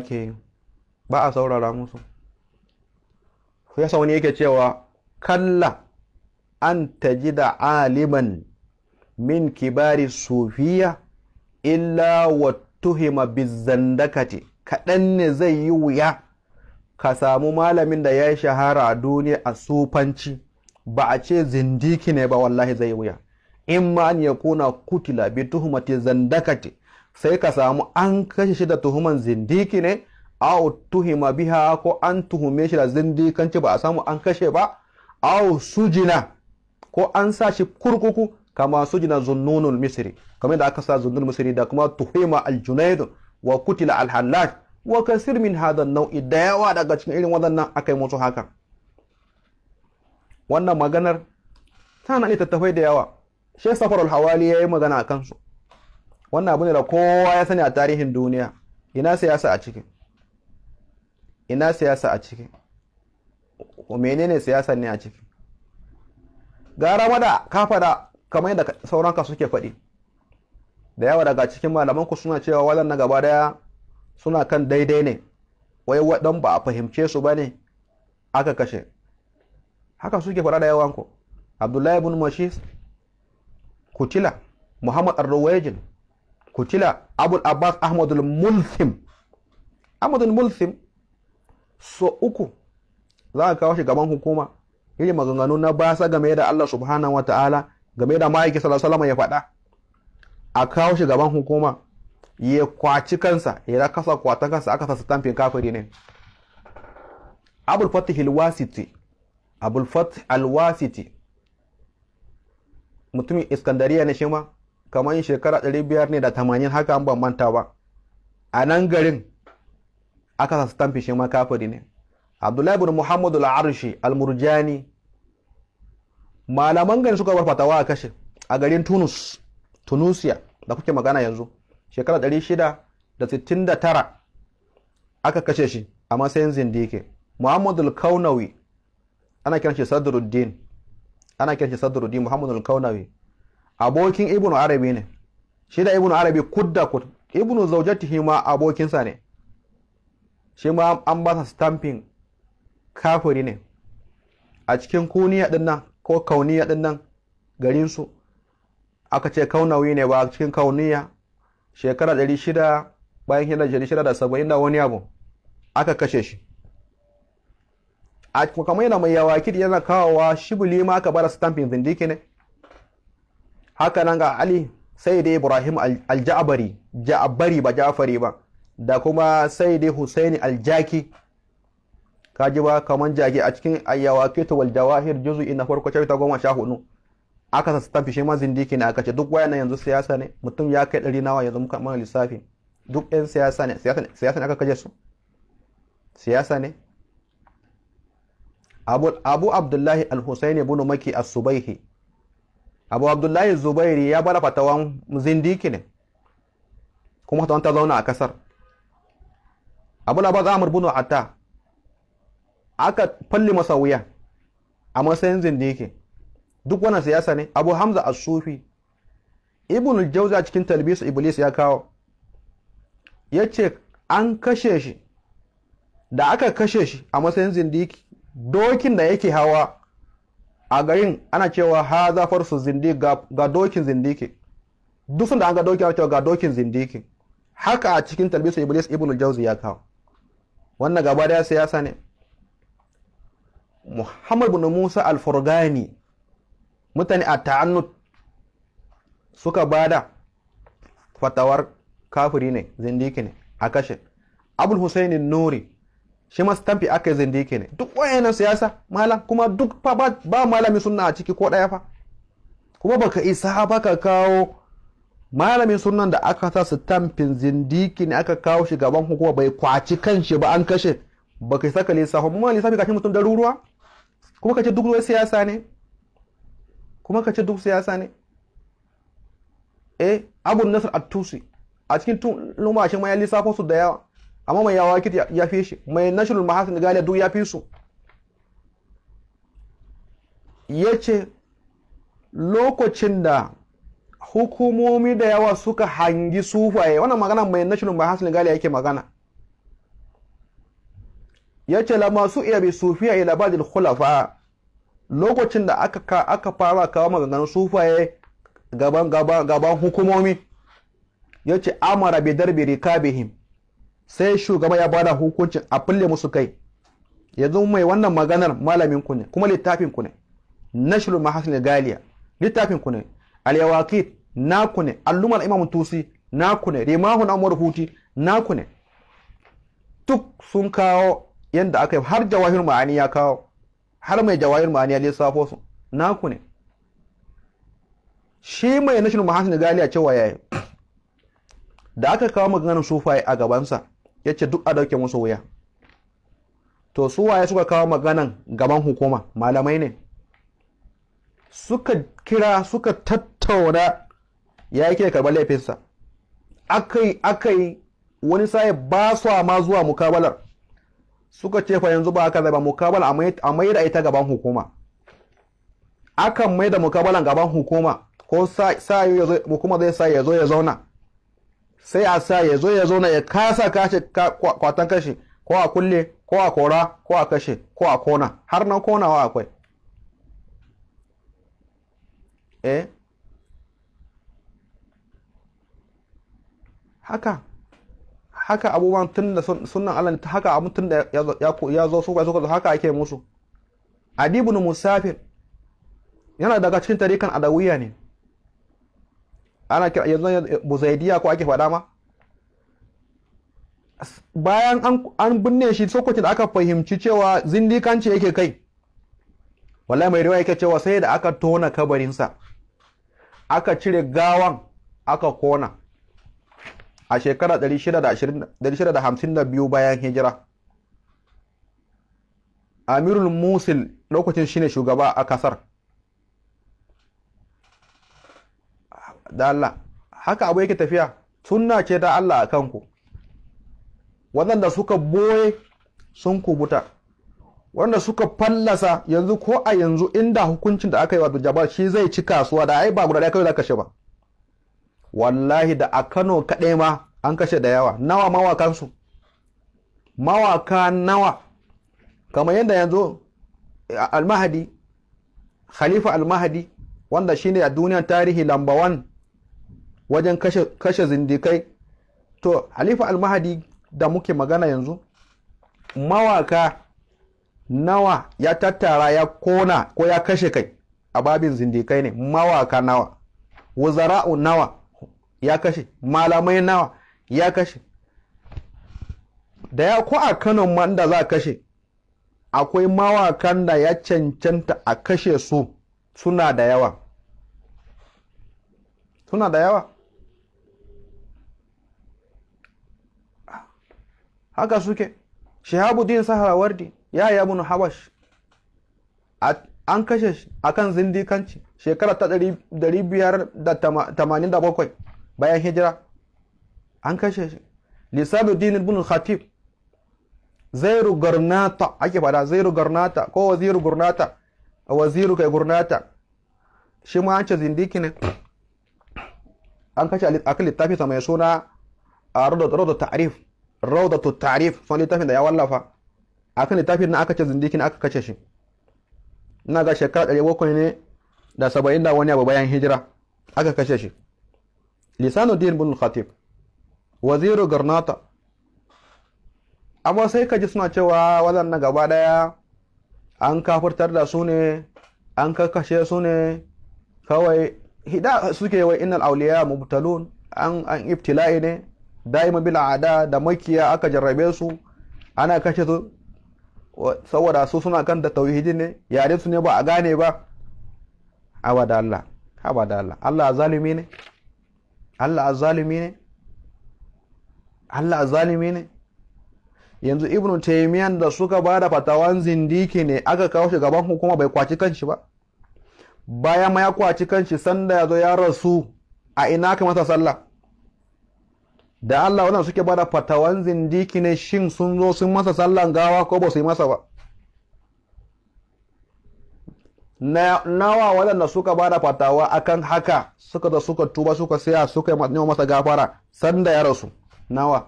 Speaker 1: ba a saurara musu ya sa wani yake cewa kalla an da aliman min kibari sufiya illa wa tuhima bizandakati kaɗan ne zai yi wuya ka samu malamin da ya yi shahara a duniya a sufanci ba a ce zindiki ne ba wallahi zai yi wuya in ma an ya kuna kutila bi tuhumati zandakati sai ka samu an kashe shi da tuhuman zindiki ne aw tuhima biha ko an tuhume shi da zindikanci ba a samu an kashe ba aw sujina ko an sa shi kurkuku kama sujina zunnunul misri kamar da aka sa zunnunul misri da kuma tuhima aljunaid wa kutila alhallaj wa kasir min hadha nau'i da yawa daga cikin irin aka akai musu haka wannan maganar tana littattafai da yawa shi safarul hawali ya yi magana a kansu wannan abu ne da kowa ya sani a tarihin duniya ina siyasa a cikin? ina siyasa a ciki menene siyasa ne a ciki gara mada ka fada kamar yadda sauranka suke faɗi da yawa daga cikin malamanku suna cewa na gaba daya suna kan daidai ne wai waɗan ba a fahimce su ba ne aka kashe haka suke faɗa da yawanku abdullahi ibn mashis kutila muhammad arrawajin kutila abul abbas ahmadul mulsim ahmadul mulsim so uku za a kawo shi gaban hukuma irin maganganu na basa game da Allah subhanahu wa ta'ala game da ma'aiki sallallahu ya faɗa a kawo shi gaban hukuma ya kwaci kansa ya kasa kwata kansa aka sa stamfin kafiri ne abul fatih abul mutumin iskandariya ne shi ma kamar shekara biyar ne da tamanin haka an ban manta ba a nan garin aka stamfi shi ma kafiri ne abdullahi ibn muhammadu al-arshi al-murjani malaman gani suka bar fatawa a kashe a garin tunis tunisia da kuke magana yanzu shekara 669 aka kashe shi a matsayin zindike muhammadu al-kaunawi ana kiran shi sadruddin ana kiran shi sadruddin muhammadu al-kaunawi abokin ibnu arabi ne shi da ibnu arabi kudda kud ibnu zaujatihi ma abokinsa ne shi ma an ba sa stamping kafiri ne a cikin kuniya din nan ko kauniya din nan garin su aka ce kaunawi ne ba a cikin kauniya shekara 600 bayan hijirar shida da da wani abu aka kashe shi a kamar yana mai yawa kidi yana kawowa shibuli ma aka bara stamping zindiki ne haka nan ga ali sai dai ibrahim alJabari ja'abari ba ja'afari ba da kuma dai husaini aljaki kaji ba kaman jaki a cikin ayyawa ayyawakitu wal jawahir juzu na farko chapter goma sha hudu aka sa stamp shi ma zindiki ne aka ce duk wayannan yanzu siyasa ne mutum ya kai ɗari nawa yanzu muka mana lissafi duk ɗan siyasa ne siyasa ne aka kaje su siyasa ne abu abdullahi al husaini ibn maki as-subaihi abu abdullahi zubairi ya bara fatawan zindiki ne kuma fatawan ta zauna a kasar abu a murbuno a ta. aka falle masa wuya a matsayin zindiki duk wannan siyasa ne abu hamza a sufi ibn al a cikin talibisu iblis ya kawo Ya ce an kashe shi da aka kashe shi a matsayin zindiki dokin da yake hawa a garin ana cewa ha zafar su zindi ga dokin zindiki duk sun da an ga dokin ga dokin zindiki haka a cikin talibisu iblis ibn al ya kawo wannan gaba daya siyasa ne muhammad bin musa alfurgani mutane a ta'annut suka bada fatawar kafiri ne zindiki ne a kashe abul husaini nuri shi masu stamfi aka yi zindiki ne duk wayannan siyasa malam kuma duk ba malami suna a ciki ko daya fa kuma baka isa ba ka kawo malamin sunan da aka sa su tamfin zindiki ne aka kawo shi gaban hukuma bai kwaci kan shi ba an kashe ba kai saka lissafi mu ma lissafi kashin mutum daruruwa kuma ka ce duk ruwan siyasa ne kuma ka ce duk siyasa ne eh abu nasar at-tusi a cikin tun lumashin ma ya lissafo su da yawa amma mai yawa kit ya fi shi mai national mahasin galiya duk ya fi su ya ce lokacin da hukumomi da yawa suka hangi sufaye wannan magana mai nashirin ba hasil gali yake magana ya ce la masu iya bi sufiya ila badil khulafa lokacin da aka aka fara kawo maganganun sufaye gaban gaban gaban hukumomi ya ce amara bi darbi rikabihim sai shugaba ya bada hukuncin a fille musu kai yanzu mai wannan maganar malamin ku ne kuma littafin ku ne nashrul mahasin galiya littafin ku ne al-yawaqit naku ne allumar imam tusi naku ne rimahu na huti naku ne duk sun kawo yadda aka yi har jawahir ma'ani ya kawo har mai jawahir ma'ani ya lissafo su naku ne shi mai nashin mahasin galiya cewa yayi da aka kawo maganganun sufai a gabansa ya ce duk a dauke musu wuya to su waye suka kawo maganan gaban hukuma malamai ne suka kira suka tattauna ya yake karɓar laifinsa aka yi wani sai ba su ma zuwa mukabalar suka ce fa yanzu ba aka zai ba mukabala a mai da ita gaban hukuma akan mai da mukabalan gaban hukuma ko hukuma zai sa ya zo ya zauna sai a sa ya zo ya zauna ya kasa kashe kwatan kashe ko a kulle ko a kora ko a kashe ko a kona har na konawa akwai eh? haka haka abubuwan tun da sunan Allah ta haka abun tun da ya zo su suka haka ake musu adibun musafir yana daga cikin tarikan adawiya ne ana kira yanzu buzaidiya ko ake faɗa ma bayan an binne shi sokoci da aka fahimci cewa zindikanci yake kai wallahi mai riwaya yake cewa sai da aka tona kabarinsa aka cire gawan aka kona a shekara 652 bayan hijira amirul musil lokacin shine shugaba a kasar da Allah haka abu yake tafiya sunna ce da Allah a kanku waɗanda suka boye sun kubuta waɗanda suka fallasa yanzu ko a yanzu inda hukuncin da aka yi wa Jabal shi zai ci kasuwa da ai ba guda ɗaya kawai za ka ba wallahi da a kano kaɗai ma an kashe da yawa nawa mawakansu mawaka nawa kamar yadda yanzu eh, almahadi khalifa almahadi wanda shi ne a duniyar tarihi lamba wan wajen kashe, kashe zindikai to khalifa almahadi da muke magana yanzu mawaka nawa ya tattara ya kona ko ya kashe kai a babin zindikai ne mawaka nawa wuzara'u nawa ya kashe malamai nawa ya kashe da ya ko a kano manda za a kashe akwai mawakan da ya cancanta a kashe su suna da yawa suna da yawa haka suke shahabuddin saharawardi ya yi abu habash an kashe shi akan zindikanci shekara ta 587 bayan hijira an kashe shi lisanu dinin bin khatib zairu garnata ake fada zairu garnata ko waziru gurnata waziru kai gurnata shi ma an ce zindiki ne an kashe akan littafi sa mai suna a rawdatu ta'rif rawdatu ta'rif son littafin da ya wallafa akan littafin na aka ce zindiki ne aka kashe shi ina ga shekara 700 ne da 70 da wani abu bayan hijira aka kashe shi din bin khatib waziru garnata amma sai ka ji suna cewa waɗannan gaba ɗaya an kafurtar da su ne an karkashe su ne kawai hida suke wai innal auliya mubtalun an an ibtila'i ne da'ima bil ada da makiya aka jarrabe su ana kashe su saboda su suna kan da tauhidi ne yare su ne ba a gane ba abada Allah abada Allah Allah zalimi ne Allah azalimi ne Allah azalimi ne yanzu Ibn Taymiyyah da suka ba da fatawan zindiki ne aka kawo shi gaban hukuma bai kwaci kanshi ba bayan ma ya kwaci kanshi sanda ya zo ya rasu a ina ka masa sallah da Allah wannan suke ba da fatawan zindiki ne shin sun zo sun masa sallan gawa ko ba su yi masa ba nawa waɗanda suka ba da fatawa akan haka suka da suka tuba suka siya suka yi masa gafara sanda ya rasu nawa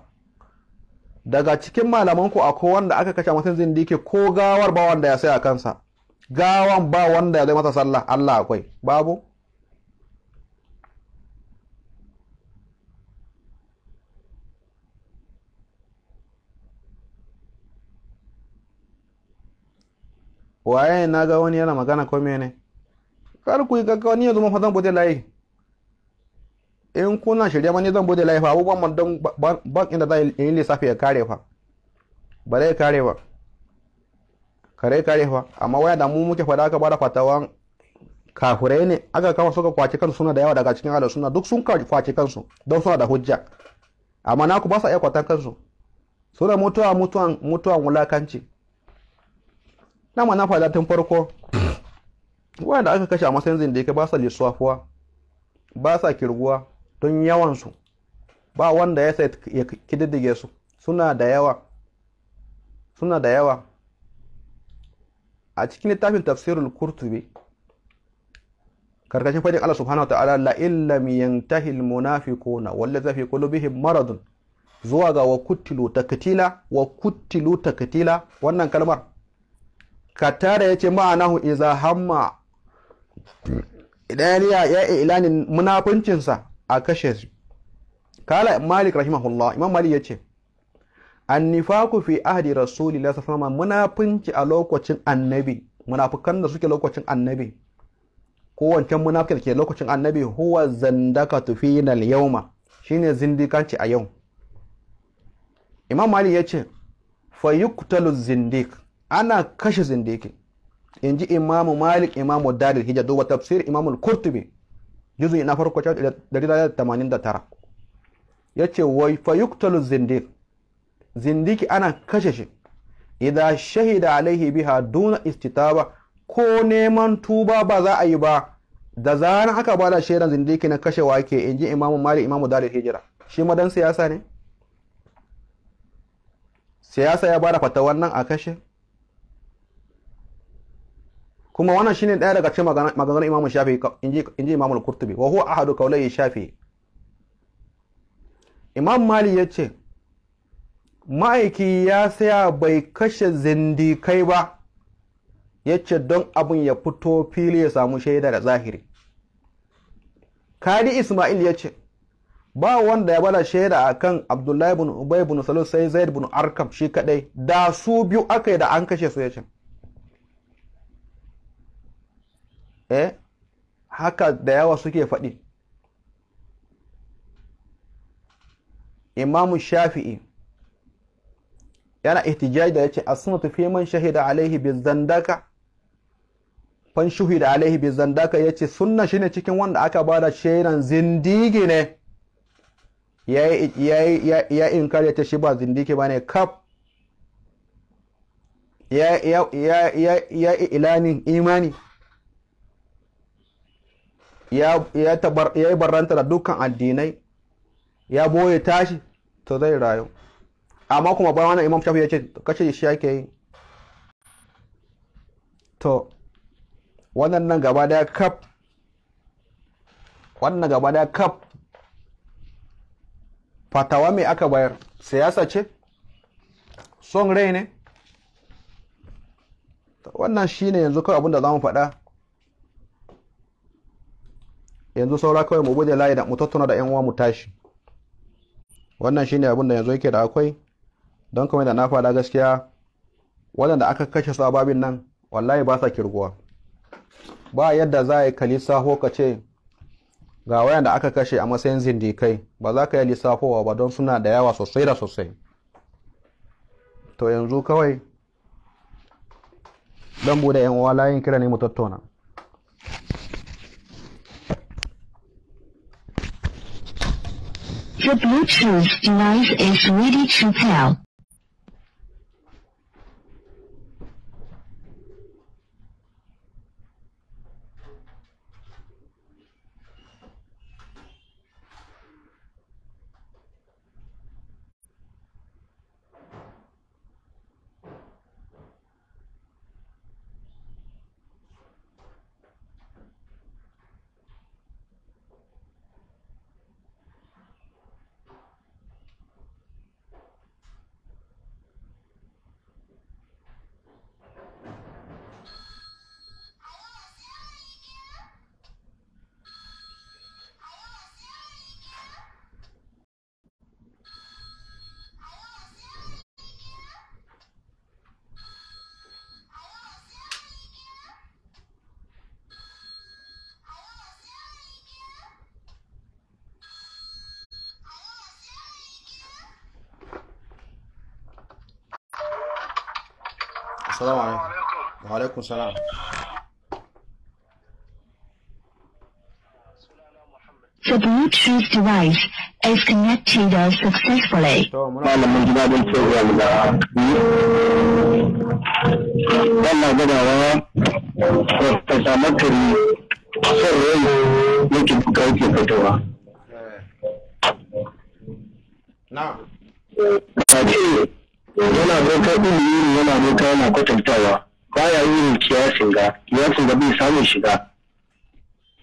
Speaker 1: daga cikin malamanku akwai wanda aka kashe mutum zindiki ko gawar ba wanda ya a kansa gawan ba wanda ya zai masa sallah Allah akwai babu waye na ga wani yana magana ko mene kar ku yi gaggawa ni yanzu ma zan bude layi in kuna shirya ma ni zan bude layi fa abubuwan man don ban inda za yi lissafi ya kare fa ba zai kare ba kare kare fa amma waya da mu muke fada aka bada fatawan kafirai ne aka kama suka kwace kansu suna da yawa daga cikin ala suna duk sun kwace kansu don suna da hujja amma naku ba sa iya kwatan kansu suna mutuwa mutuwan mutuwan wulakanci dama na faɗa tun farko wanda aka kashe a matsayin zindika ba sa lissafuwa ba sa kirguwa don yawansu ba wanda ya sai ya kididdige su suna da yawa suna da yawa a cikin littafin tafsirul kurtubi karkashin fadin Allah subhanahu ta'ala la illam yantahi al munafiquna wallazi fi qulubihim maradun zuwa ga wa kutilu takatila wa kutilu takatila wannan kalmar katara ya ce ma'anahu iza hamma idan ya yi ilanin munafuncinsa a kashe su kala malik rahimahullah imam malik ya ce an nifa ku fi ahdi rasuli lasa fama munafunci a lokacin annabi munafukan da suke lokacin annabi kowancan munafukan ke lokacin annabi huwa zandakatu fina al-yawma shine zindikanci a yau imam malik ya ce fa zindik ana kashe zindiki in ji imamu malik imamu dalil hijja duba tafsir imamu kurtubi juzu na farko tara. ya ce wai fa yuktalu zindik zindiki ana kashe shi idan shahida alaihi biha duna istitaba ko neman tuba ba za a yi ba da zaran aka bada shaidan zindiki na kashe wake in ji imamu malik imamu dalil hijira shi madan siyasa ne siyasa ya bada fata wannan a kashe kuma wannan shine daya daga cikin maganganun Imam Shafi'i inji Imam Al-Qurtubi wa huwa ahadu qawlai Shafi'i Imam Mali ya ce ma'aiki ya saya bai kashe zindikai ba ya ce don abin ya fito fili ya samu shaida da zahiri kadi Ismail ya ce ba wanda ya bada shaida a kan Abdullahi bin Ubay bin Salul sai Zaid bin Arkam shi kadai da su biyu aka yi da an kashe su ya eh haka da yawa suke faɗi imamu shafi'i yana ihtijaj da yace a suna fi man shahida alaihi bizandaka fan shuhida alaihi bizandaka yace sunna ne cikin wanda aka ba da shaidan zindigi ne ya yi ya ta shi ba zindigi ba ne kaf ya ilanin imani ya yi barranta da dukkan addinai ya boye tashi to zai rayu amma kuma ba wannan imam shafi ya ce kashe shi yake yi to wannan nan gaba daya kaf wannan gaba daya kaf fatawa mai aka bayar siyasa ce son rai ne wannan shine yanzu kawai abin da za mu faɗa yanzu saura kawai mu bude layi da mu tattauna da yan uwa mu tashi wannan shine abin da yanzu yake da akwai don kuma da na faɗa gaskiya waɗanda aka kashe sababin nan wallahi ba sa kirguwa ba yadda za a yi ka lissafo ka ce ga wayan da aka kashe a matsayin zindikai ba za ka yi lissafowa ba don suna da yawa sosai da sosai to yanzu kawai don bude yan uwa layin kira ne mu tattauna
Speaker 2: The Bluetooth device is ready to pair. alaikum salam. The Bluetooth device is connected successfully. Malamin baya yin kiyasin ga kiyasin ga bai samun shiga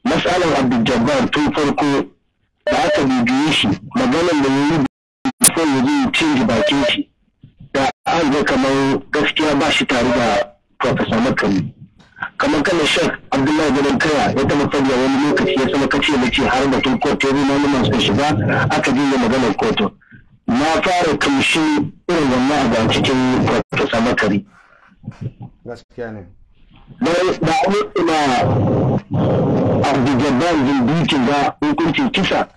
Speaker 2: matsalar abdul tun farko da aka bibiye shi maganar da yi da ya yi cin bakin shi da an zai kamar gaskiya ba shi tare da profesa makami kamar kana shek abdullahi gudun kaya ya ta mafarya wani lokaci ya sama kace da ce har batun kotu ya zama wani masu shiga aka dinga maganar kotu na fara kamshin irin wannan a cikin profesa makari gaskiya ne da amince na abdulgabbar zindikin da hukuncin kisa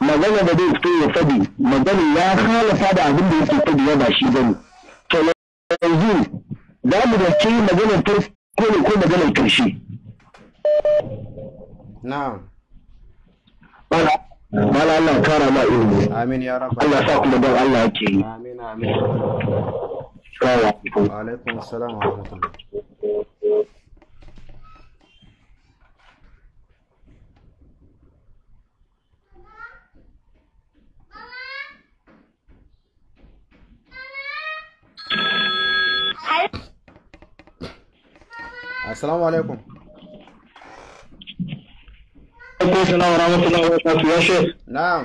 Speaker 2: magana da zai fito ya fadi magana ya halafa da abin da yake fadi ya ba shi bane yanzu za mu da ke magana farko ne ko magana karshe
Speaker 1: na'am bala bala Allah kara ma ilimi amin ya Allah sa kuma dan Allah yake yi amin amin السلام عليكم وعليكم السلام ورحمة الله السلام عليكم السلام ورحمة الله وبركاته يا شيخ نعم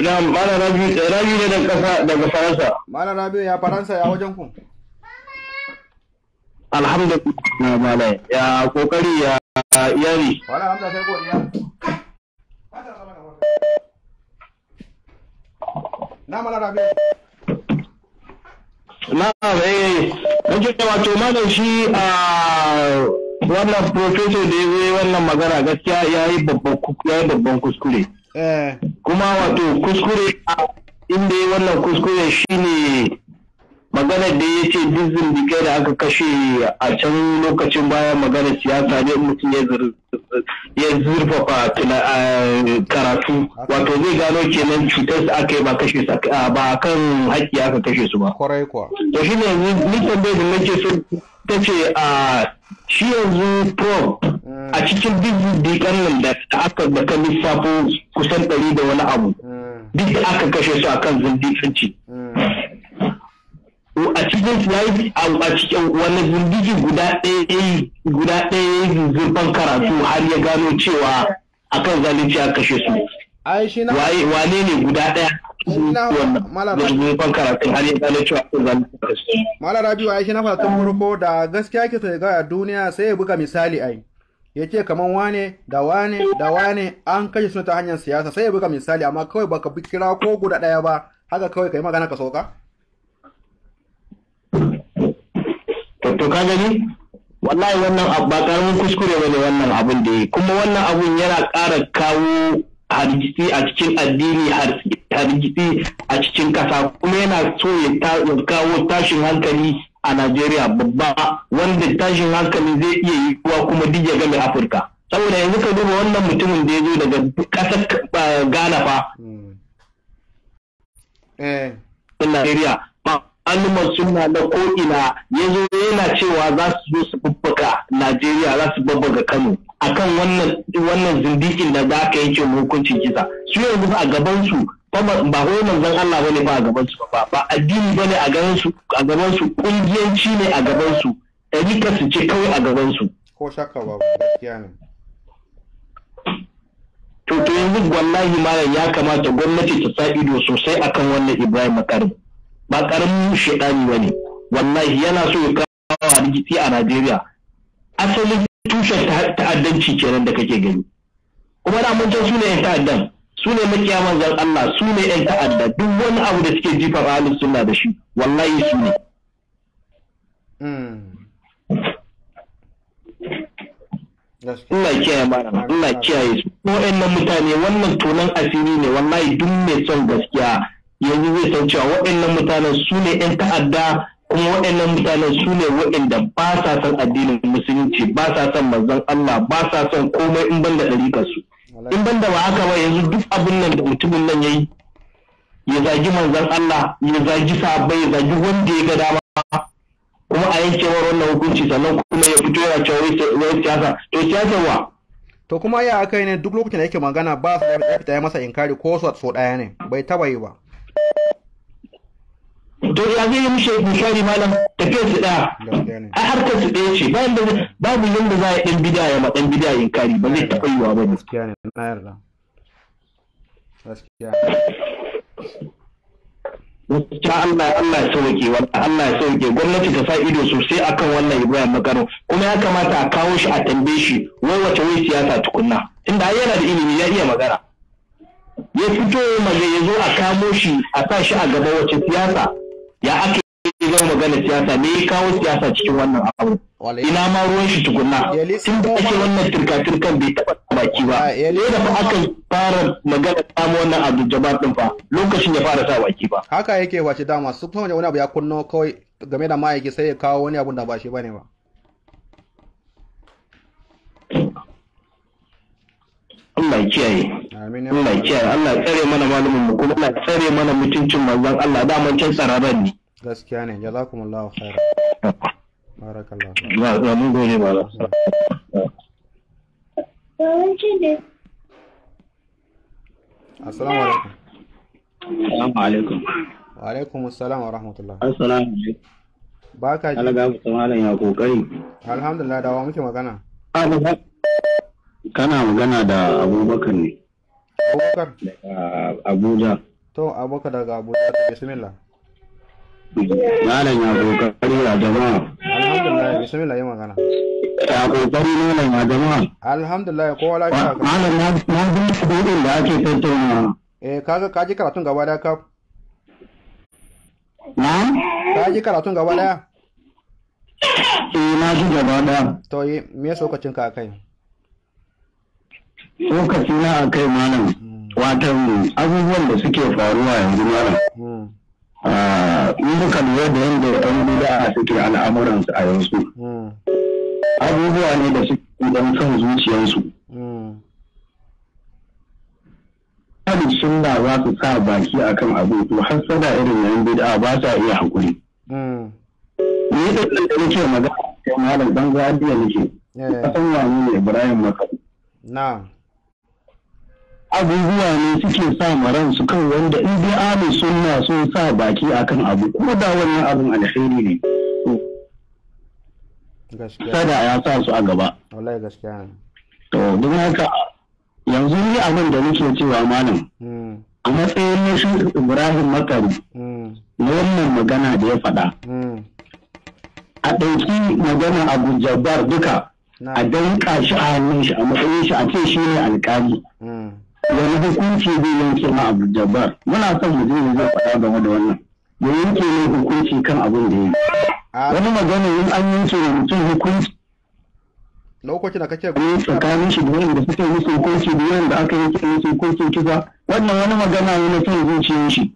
Speaker 2: Ina Malam Rabiu eh, ne daga kasa daga Faransa.
Speaker 1: Malam ya Faransa ya wajen ku.
Speaker 2: Alhamdulillah ya kokari ya
Speaker 1: iyali. sai godiya. Na Malam eh
Speaker 2: wato malam shi a ah, wannan professor da ya yi wannan magana gaskiya ya yi babban kuskure. Eh. kuma wato kuskure inda ya wannan kuskure shine magana da ya ce duk zindikai da aka kashe a can lokacin bayan magana siyasa ne mutum ya zurfafa eh, karatu wato zai gano kenan
Speaker 1: cutar su aka yi ba kashe su ba kan haƙƙi aka kashe su ba. Kwarai kuwa.
Speaker 2: To shi ne nisan bai da nake so ta ce a shi yanzu prop a mm. cikin duk dikan nan da aka da ta lissafo kusan ɗari da wani abu mm. duk da aka kashe su akan zindikanci mm. a cikin su a cikin wani zindigi guda ɗaya guda yi zurfan karatu har ya gano cewa akan zalunci a kashe su
Speaker 1: wane ne guda ɗaya Mala Rabiu ai shi na fatan murko da gaskiya ke ta ga duniya sai ya buga misali ai. Ya ce kamar wane da wane da wane an kashe su ta hanyar siyasa sai ya buga misali amma kawai baka bi kira ko guda ɗaya ba haka kawai kai magana ka sauka.
Speaker 2: To ka gani? Wallahi wannan ba karamin kuskure ne wannan abun da yi kuma wannan abun yana ƙara kawo hargitsi a cikin addini hargitsi tarihi a cikin kasa kuma yana so ya kawo tashin hankali a Najeriya babba wanda tashin hankali zai iya yi kuwa kuma dija ya game Afirka. Saboda yanzu ka duba wannan mutumin da ya zo daga ƙasar Ghana fa. Hmm. Eh. Najeriya al'ummar suna na ko'ina ya zo yana cewa za su zo su babbaka Najeriya za su babbaka Kano akan wannan zindikin da za ka yanke hukuncin kisa su yanzu a gabansu. ba wai manzon Allah bane ba a gaban su ba ba addini bane a gaban a gaban su kungiyanci ne a gaban su ɗarika su ce kawai a gaban su
Speaker 1: ko shakka ba gaskiya ne
Speaker 2: to yanzu wallahi malam ya kamata gwamnati ta sa ido sosai akan wannan Ibrahim Makar ba karamin shedani bane wallahi yana so ya kawo a rikici a Najeriya asalin tushen ta'addanci kenan da kake gani kuma da mun can su ne ta'addan su ne makiya manzan Allah su ne yan ta'adda duk wani abu da suke jifa halin suna da shi wallahi su ne
Speaker 1: hmm. Allah kiyaye mana Allah kiyaye su
Speaker 2: ko nan mutane wannan tonan asiri ne wallahi duk mai son gaskiya yanzu zai san cewa waɗannan mutanen su ne yan ta'adda kuma waɗannan mutanen su ne waɗanda ba sa son addinin musulunci ba sa son manzon Allah ba sa son komai in banda ɗariƙar su in banda ba haka ba yanzu duk abin nan da mutumin nan yayi ya zagi manzon Allah ya zagi sahabbai ya zagi wanda ya ga dama kuma a yankewar wannan hukunci sannan kuma ya fito ya cewa wai siyasa to siyasa wa
Speaker 1: to kuma ya aka yi ne duk lokacin da yake magana ba sa ya fita ya masa inkari ko sau so daya ne bai taba yi ba
Speaker 2: to ya zai yi mishi misali malam tafiyar su ɗaya
Speaker 1: a harkar su ɗaya ce bayan da
Speaker 2: babu yadda za a yi ɗan bida ya ma ɗan bidiya yin kari
Speaker 1: ba zai taɓa yiwa ba ne. Gaskiya
Speaker 2: Allah Allah ya sauke wannan Allah ya sauke gwamnati ta sa ido sosai akan wannan Ibrahim Makaro kuma ya kamata a kawo shi a tambaye shi wai wace wai siyasa tukunna inda yana da ilimi ya iya magana. ya fito maza ya zo a kamo shi a sa shi a gaba wace siyasa ya ake yi zama magana siyasa me ya kawo siyasa cikin wannan abu ina ma ruwan shi tukunna tun da ake wannan turka-turkan bai taɓa baki ba ne da fa aka fara magana samu wannan abu jaba din fa
Speaker 1: lokacin ya fara sa baki ba haka yake wace dama su kuma wani abu ya kunno kawai game da ma'aiki sai ya kawo wani abu da ba shi bane ba
Speaker 2: Allah kiyaye
Speaker 1: Allah kiyaye Allah tsare mana malumin
Speaker 2: mu kuma Allah tsare mana mutuncin manzon Allah da mun can tsararran ne
Speaker 1: gaskiya ne jazakumullahu khair barakallahu ba za. mu gode ba. assalamu alaikum assalamu alaikum wa alaikum assalam wa rahmatullah assalamu alaikum baka ji Allah
Speaker 2: ga mutum malam ya kokari
Speaker 1: alhamdulillah dawa muke magana
Speaker 2: ah, kana magana da abubakar ne abubakar abuja
Speaker 1: to abubakar daga abuja ta bismillah
Speaker 2: malam ya kokari a
Speaker 1: jama'a alhamdulillah bismillah yi magana ya kokari malam ya jama'a alhamdulillah kowa lafiya malam na ji kudin da ake tattauna eh kaga ka ji karatun gaba da ka na ka ji karatun gaba daya eh na ji gaba daya to yi me lokacin ka kai
Speaker 2: lokaci na a kai malam watan abubuwan da suke faruwa yanzu malam hmm. ah, in muka lura da yadda yan bid'a suke al'amuransu a yanzu hmm. abubuwa ne da suke dan son zuciyarsu hmm. sun da za su sa baki a kan to har sada irin yan bid'a ba sa iya hakuri ni da da nake magana kai malam dan gadiya nake eh. kasan wani ne Ibrahim Makari abubuwa ne suke sa maran su kan wanda in dai ahli sunna so sa baki akan abu ko da wannan abin alheri ne
Speaker 1: sada ya sa su a gaba wallahi gaskiya
Speaker 2: to don haka yanzu ni abin da nake cewa malam hmm. a matsayin na shi ibrahim makaru hmm. na wannan magana da ya faɗa hmm. a ɗauki magana abu jabbar duka a danka shi a hannun shi a matsayin shi a ce shi ne alƙali wani hukunci zai yanke ma abu jabbar muna
Speaker 1: son mu je mu zai faɗa game da wannan ya yanke ne hukunci kan abin da ya yi ah. wani magana in an yanke wa mutum hukunci lokacin da kake gudu tsakanin shi da wanda suka yi musu hukunci da wanda aka yi musu hukuncin kisa wannan wani magana ne na son
Speaker 2: zuciyar shi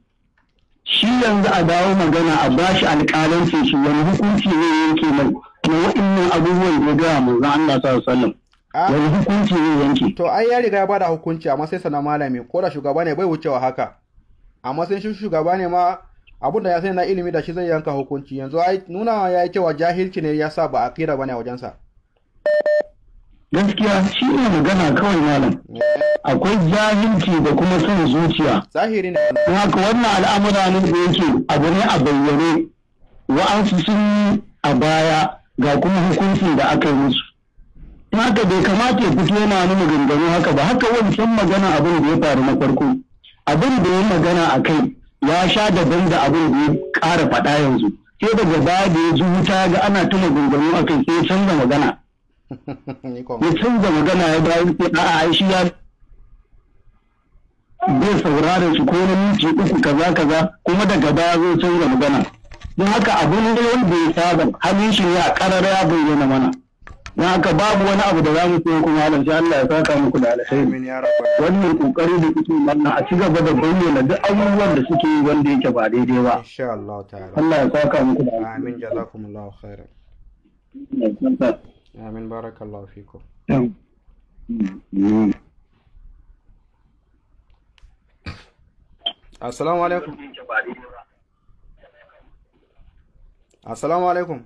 Speaker 2: shi yanzu a dawo magana a bashi alƙalancin shi wani hukunci ne yanke mai na waɗannan abubuwan da ya gaya mu, manzon Allah sallallahu alaihi wasallam
Speaker 1: Ah. wani hukunci ne yanke to ai ya riga ya bada hukunci amma sai sana malami ko da shugaba ne bai wucewa haka amma sai shi shugaba ne ma abun da ya sani na ilimi da shi zai yanka hukunci yanzu ai nuna ya yi cewa jahilci ne ya sa ba a kira bane a wajensa
Speaker 2: gaskiya shi ne magana kawai malam eh. akwai jahilci da kuma son zuciya zahiri ne don haka wannan al'amura ne da yake abu ne a bayyane wa'ansu sun yi a baya ga kuma hukuncin da aka yi musu haka bai kamata ya fito yana nuna maganganu haka ba haka wancan magana abin da ya faru na farko abin da ya magana a kai ya sha daban da abin da ya ƙara faɗa yanzu sai daga baya da ya ji wuta ga ana ta maganganu a kai sai ya canza magana
Speaker 1: ya
Speaker 2: canza magana ya dawo sai a shi ya bai saurara su ko na minti uku kaza kaza kuma daga baya zai canza magana don haka abin da ya saba hannun shi ne a ƙarara ya bayyana mana na haka babu wani abu da za mu koyo kuma halar Allah ya saka muku da alheri wannan kokari da kuke wannan a ci gaba da bayyana duk abubuwan da suke yi wanda yake ba daidai ba insha
Speaker 1: Allah ta'ala Allah ya saka muku da alheri amin jazakumullahu khairan amin barakallahu fikum assalamu alaikum assalamu alaikum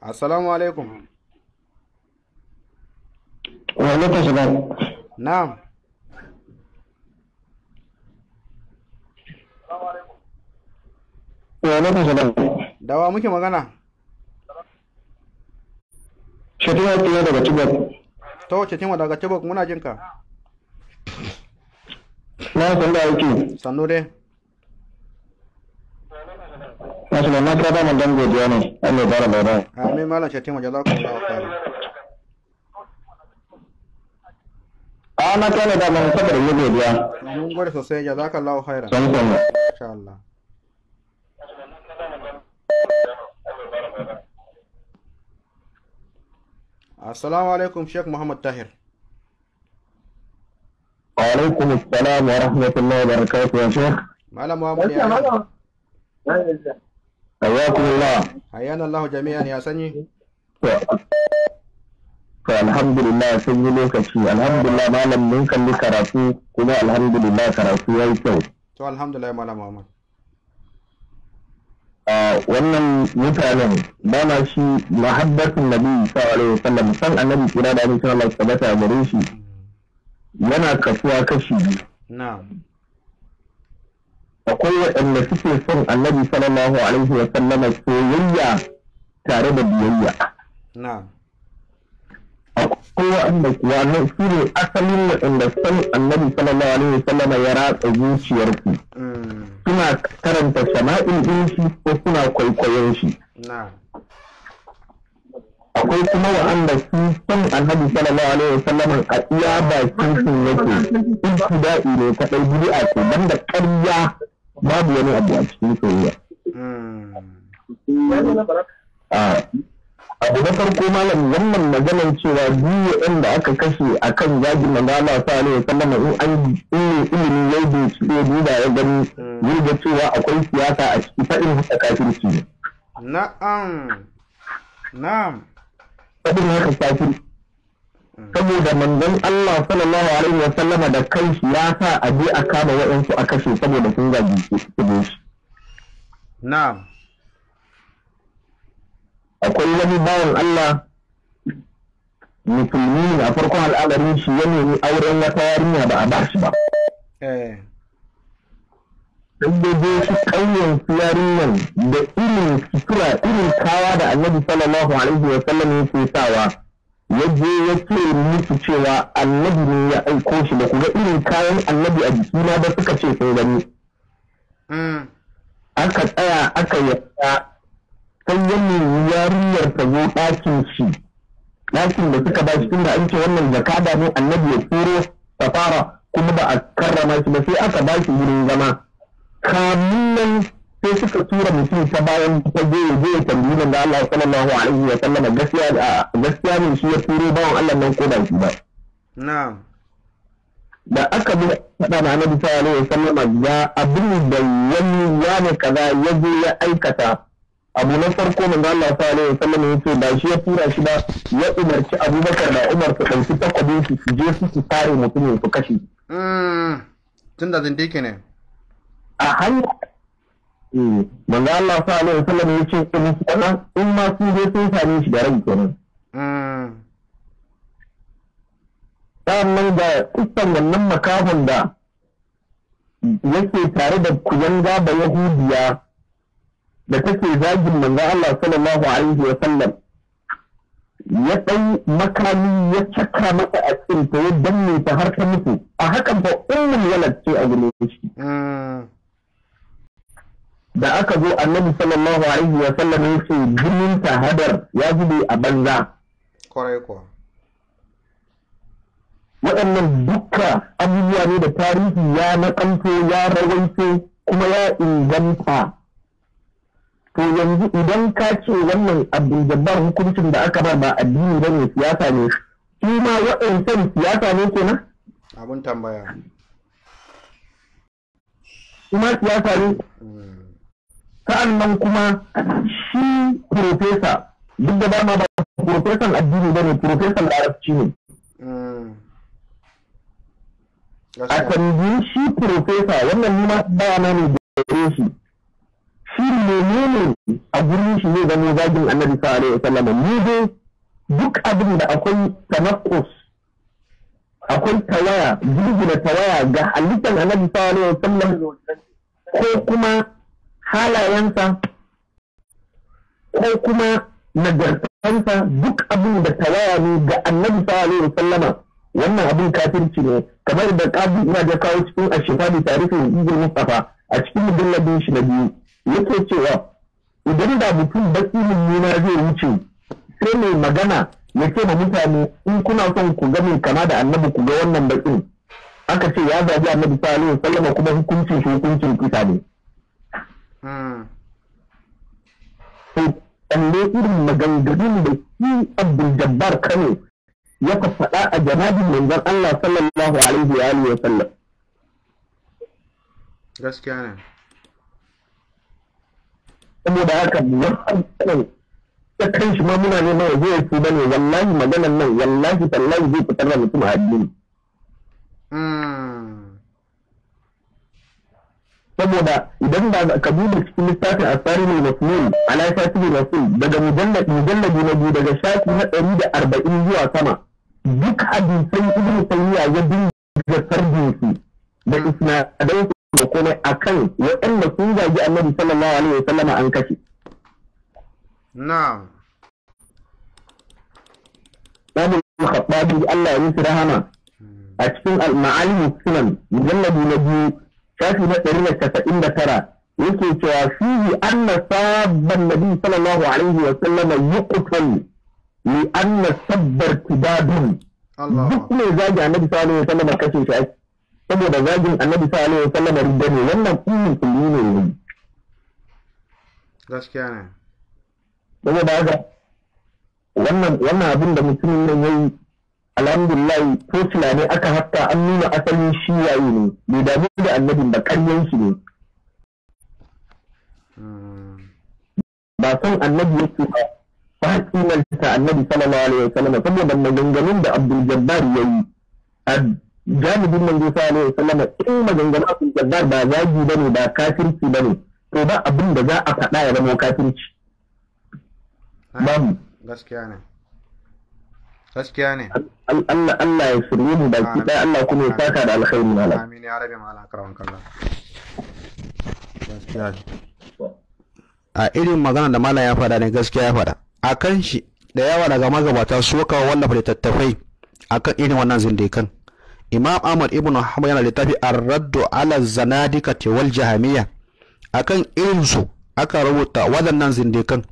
Speaker 1: Asalamu alaikum. Wa alaikum salam. Na'am. Wa alaikum salam. Dawa muke magana? Shatima Tiyo daga Chibok. To, Shatima daga Chibok muna jinka. Na san da aiki. Sannu dai. Masha Allah, na kira da dan godiya ne, an ne bara bai Amin malam Shatima, jazakallahu khairan. A ah, na kira da mun saboda yi godiya. Mun gode sosai, jazakallahu khairan. San san. Masha Allah. Assalamu alaikum Sheikh Muhammad Tahir.
Speaker 2: Wa alaikum assalam wa rahmatullahi wa barakatuh Sheikh.
Speaker 1: Malam Muhammad Hayyakumullah. Hayyanallahu jami'an ya sanyi.
Speaker 2: to alhamdulillah sun yi lokaci alhamdulillah malam mun kalli karatu kuma alhamdulillah karatu ya yi kyau
Speaker 1: to alhamdulillah malam muhammad
Speaker 2: a wannan mutanen ba na shi mahabbatin nabi sallallahu alaihi san annabi kira da annabi Allah, alaihi wasallam tabbata gare shi hmm. yana kasuwa kashi biyu na'am akwai waɗanda suke son annabi sallallahu alaihi wa sallam soyayya tare da biyayya akwai waɗanda kuwa na su ne asalin waɗanda son annabi sallallahu alaihi wa sallam ya ratsa zuciyarku mm. suna karanta shama'in ɗin ko suna kwaikwayon shi akwai kuma wa'anda su son annabi sallallahu alaihi sallam a iya bakin sun yake ibtida'i ne kadai bid'a ce banda ƙarya babu wani abu a cikin soyayya abu na farko malam wannan maganar cewa biyu inda aka kashe a kan zagi gama ta ne sallama in an ilimi ya yi ya duba ya gani da cewa akwai siyasa
Speaker 1: a ciki faɗin haka kafirci na'am na'am faɗin haka kafirci saboda manzon Allah sallallahu alaihi wa sallama
Speaker 2: da kanshi ya sa a je a kama wa'ansu a kashe saboda sun zagi shi
Speaker 1: na'am akwai wani bawan Allah
Speaker 2: musulmi a farkon al'adarin shi ya nemi auren wata yarinya ba a ba shi ba eh. sun dogo shi ƙauyen su da irin sutura irin kawa da annabi sallallahu alaihi wa sallam ke sawa ya je ya ce musu cewa annabi ne ya aiko shi da ku irin kayan annabi a jikina ba suka ce sun gani hmm. aka tsaya aka yarda sai ya yarinyar ta zo ɗakin shi ɗakin da suka ba shi inda an ce wannan jaka, ne annabi ya turo ta fara kuma ba a karrama shi ba sai aka ba shi wurin zama kamun sai suka tura mutum ta bayan ta ya je ta biyu da Allah sallallahu alaihi wa sallam gaskiya gaskiya ne shi ya turo bawan Allah nan ko ba shi ba na'am da aka bi da na annabi sallallahu alaihi wa sallam ga abin da wani ne kaza ya je ya aikata abu na farko ga Allah sallallahu alaihi wa sallam ya ce ba shi ya tura shi ba ya umarci Abubakar da Umar su ɗauki takwabin su su je su su tare mutumin su kashe
Speaker 1: mm. tun da zindiki ne a hanyar
Speaker 2: Eh, manzo Allah sallallahu alaihi wasallam ya ce musu kana in ma su je sun same shi da rai kenan hmm. sannan da kusan wannan makafin da yake tare da kuyanga da yahudiya da take zagin manzo Allah sallallahu alaihi wasallam ya kai makami ya caka mata a cikin ta ya danne ta har ta mutu a hakan fa ummul walad ce a gure shi
Speaker 1: hmm.
Speaker 2: da aka zo annabi sallallahu alaihi wa sallam ya ce jinin tahadar ya zube a banza kwarai kuwa waɗannan dukka abubuwa ne da tarihi ya nakanto ya rawaito kuma ya inganta to yanzu idan ka ce wannan abin jabbar hukuncin da aka ba ba addini bane siyasa ne shi
Speaker 1: ma waɗansan siyasa ne kenan abun tambaya kuma siyasa ne mm.
Speaker 2: nan kuma shi profesa duk da ba ma ba profesan addini ba ne profesan larabci ne hmm. a canji shi profesa wannan nima bayana ne da shi shi menene a gurin shi ne zama zagin annabi sallallahu alaihi Salama? Ni dai duk abin da akwai tanakkus akwai tawaya girgina tawaya ga halittar annabi sallallahu alaihi Salama ko kuma halayensa ko kuma nagartansa duk abin da tawaya ne ga annabi sallallahu alaihi sallama wannan abin kafirci ne kamar da kabi ina da kawo cikin ashifa da tarihin ibn mustafa a cikin mujalladin shi na biyu yake cewa idan da mutum basirin nuna zai wuce sai mai magana ya ce ma mutane in kuna son ku ga mai kama da annabi ku ga wannan bakin aka ce ya zabi annabi sallallahu alaihi sallama kuma hukuncin shi hukuncin kisa ne
Speaker 1: kalle
Speaker 2: irin maganganun da shi abdul jabbar kano ya faɗa a janabin manzon Allah sallallahu alaihi wa sallam gaskiya ne saboda haka wannan kanin ta kan shi ma muna nema ya zo ya bane wallahi maganan nan wallahi tallahi zai fitar da mutum a addini hmm. saboda idan ba ka duba cikin littafin asari mai masnun ala shafi mai masnun daga mujallabi na biyu daga shafi na ɗari da arba'in zuwa sama duk hadisan ibn tayyiya ya dinga sarbin su da isnadan su da komai akan waɗanda sun zagi annabi sallallahu alaihi wasallama an kashe na'am Babu Khattabi Allah ya musu rahama a cikin al-ma'alim sunan mujallabi na biyu shafi na ɗari da casa'in da tara yake cewa fihi anna sabban nabi sallallahu alaihi wa sallam yuqtal li anna sabbar kibadun duk mai zagi annabi sallallahu alaihi wa sallam kashe shi ake saboda zagin annabi sallallahu alaihi wa sallam riga ne wannan ummin kulli ne ne gaskiya ne saboda haka wannan abin da mutumin nan yayi alhamdulillah ko tunani aka hatta an nuna asalin shi yayi ne bai damu da annabin da karyan shi ne ba son annabi yake ba ba kimanta annabi sallallahu alaihi wasallam saboda maganganun da Abdul Jabbar yayi a jami'in manzo sallallahu alaihi wasallam in maganganun Abdul Jabbar ba zagi bane ba kafirci bane to ba abin da za a faɗa ya zama kafirci babu
Speaker 1: gaskiya ne gaskiya ne Allah ya shirye mu da ɗaya Allah kuma ya saka da alkhairi Allah amin ya rabe mala karawan kallah gaskiya a irin magana da mala ya fada ne gaskiya ya fada a kan shi da yawa daga magabata su kawo wallafa littattafai akan irin wannan zindikan imam ahmad ibn hamad yana littafi ar-raddu ala Zanadika wal jahamiyya akan irinsu aka rubuta wadannan zindikan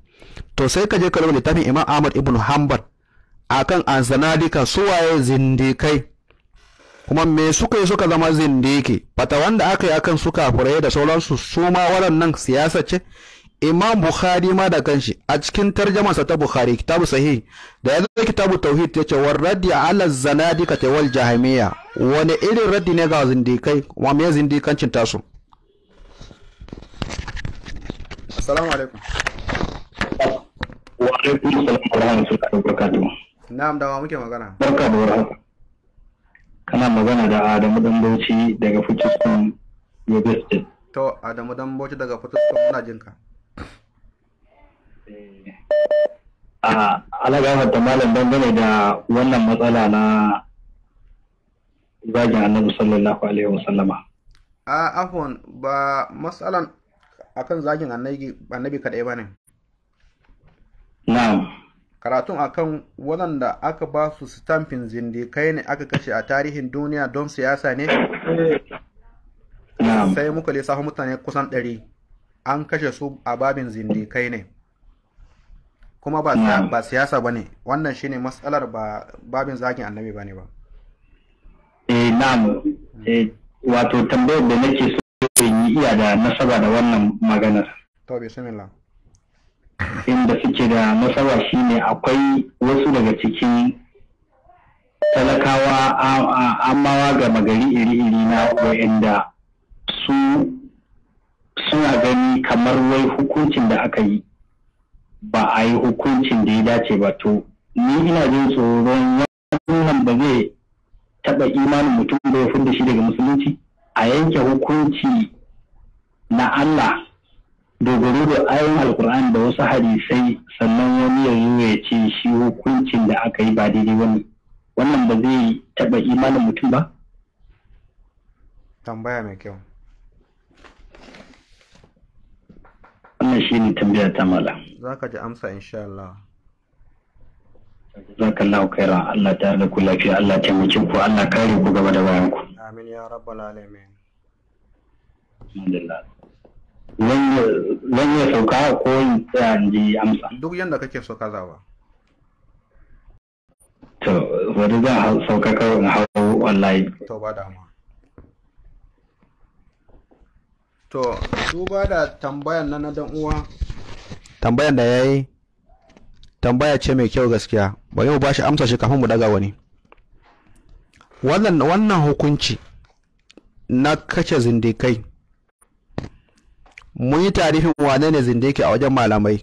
Speaker 1: to sai ka je ka rubuta littafin imam ahmad ibn hanbal akan ansanadika suwaye zindikai kuma me suka yi suka zama zindiki fata wanda aka yi akan suka kafirai da sauransu su ma waɗannan siyasa ce imam bukhari ma da kanshi a cikin tarjamasa ta bukhari kitabu sahih da ya zai kitabu tauhid ya ce war raddi ala zanadika ta wal jahamiya wani irin raddi ne ga zindikai kuma me zindikancin tasu assalamu alaikum wa alaikum assalam wa rahmatullahi wa
Speaker 2: barakatuh
Speaker 1: Na'am dawa muke magana. Barka
Speaker 2: da warhaka. Kana magana da Adamu Dambauci daga Futiskun Yobe
Speaker 1: To Adamu Dambauci daga Futiskun muna jin ka. Eh, a alagafar da malam dangane da wannan matsala na zagin annabi sallallahu alaihi wasallama. A afon ba matsalan akan zagin annabi kaɗai ba ne. Na'am. karatun akan waɗanda aka ba su stamfin zindikai ne aka kashe a tarihin duniya don siyasa ne sai muka lissafa mutane kusan ɗari an kashe su a babin zindikai ne kuma ba siyasa ba ne wannan shine matsalar ba babin zagin annabi ba ne ba eh na'am
Speaker 2: eh wato tambayar da nake so yi iya da nasaba da wannan maganar
Speaker 1: to bismillah
Speaker 2: inda suke da matsala shine akwai wasu daga cikin talakawa amawa gama gari iri-iri na wa'anda su suna gani kamar wai hukuncin da aka yi ba a yi hukuncin da ya dace ba to ni ina jin tsoron wannan ba zai taɓa imanin mutum da ya fi da shi daga musulunci a yanke hukunci na Allah dogaro da ayoyin alkur'ani da wasu hadisai sannan wani ya zo ya ce shi hukuncin da aka yi ba daidai wani wannan ba zai taɓa imanin mutum ba
Speaker 1: tambaya mai kyau wannan shi ne tambaya ta mala za ka ji amsa insha Allah
Speaker 2: zaka Allah kaira Allah ta da ku lafiya Allah mace ku Allah kare ku gaba da bayan ku
Speaker 1: amin ya rabbal alamin alhamdulillah zan iya sauka ko in tsaya in ji amsa duk yadda kake so ka zaba to wani zan a sauka kawai in hau online to ba dama to duba da tambayan na na dan uwa tambayan da ya yi tambaya ce mai kyau gaskiya bari mu bashi amsa shi kafin mu daga wani wannan hukunci na kace zindikai mun yi tarihin wane ne zindiki a wajen malamai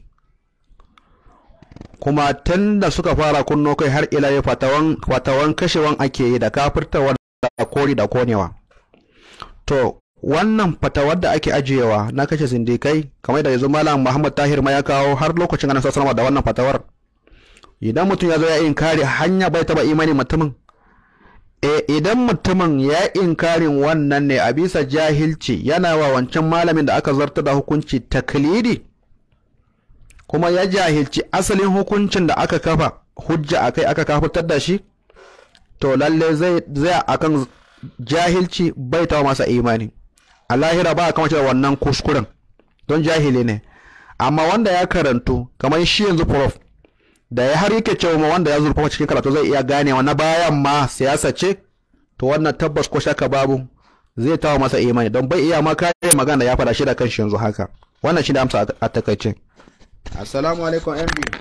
Speaker 1: kuma tun da suka fara kunno kai har ila fatawan fatawan kashewan ake yi da kafirtawar da kori da konewa to wannan fatawar da ake ajiyewa na kashe zindikai kamar da yanzu malam muhammad tahir ma ya kawo har lokacin ana sassanawa da wannan fatawar idan mutum ya zo ya in kare hanya bai taba imani mutumin e idan mutumin ya inkarin wannan ne a bisa jahilci yana wa wancan malamin da aka zarta da hukunci taklidi kuma ya jahilci asalin hukuncin da aka kafa hujja a kai aka kafatar da shi to lalle zai zai akan jahilci bai ta masa imani a lahira ba a da wannan kuskuren don jahili ne amma wanda ya karantu kamar shi yanzu prof da ya har yake cewa wanda ya zurfafa cikin karatu zai iya ganewa na bayan ma siyasa ce to wannan tabbas ko shaka babu zai tawo masa imani don bai iya ma kare magana ya faɗa shi da kanshi yanzu haka wannan shi da amsa a takaice assalamu alaikum md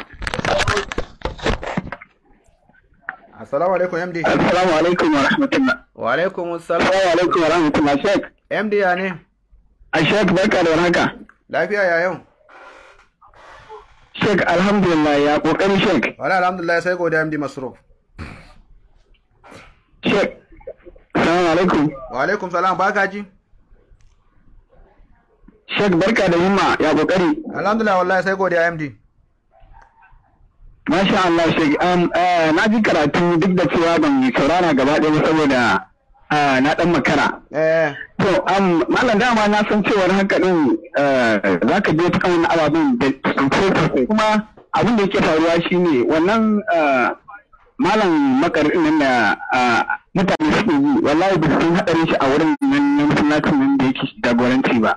Speaker 1: assalamu alaikum md assalamu alaikum wa rahmatullah wa alaikum assalam wa alaikum wa rahmatullah shek md ya ne a shek barka da warhaka lafiya ya yau Sheikh alhamdulillah ya kokari Sheikh. Wala alhamdulillah sai godiya MD Masruf. Sheikh Assalamu alaikum. Wa alaikum salam baka ji. Sheikh barka da yimma ya kokari. Alhamdulillah wallahi sai godiya MD. Masha Allah Sheikh um,
Speaker 2: eh, na ji karatu duk da cewa ban saurara gaba ɗaya saboda Ah, na dan makara. Eh. To, malam dama na san cewar haka din eh, za ka je kan wani ababen da sosai kuma abin da yake faruwa shine wannan eh, malam makarin nan da mutane suke yi wallahi ba sun haɗari shi a wurin nan masallacin nan da yake jagoranci ba.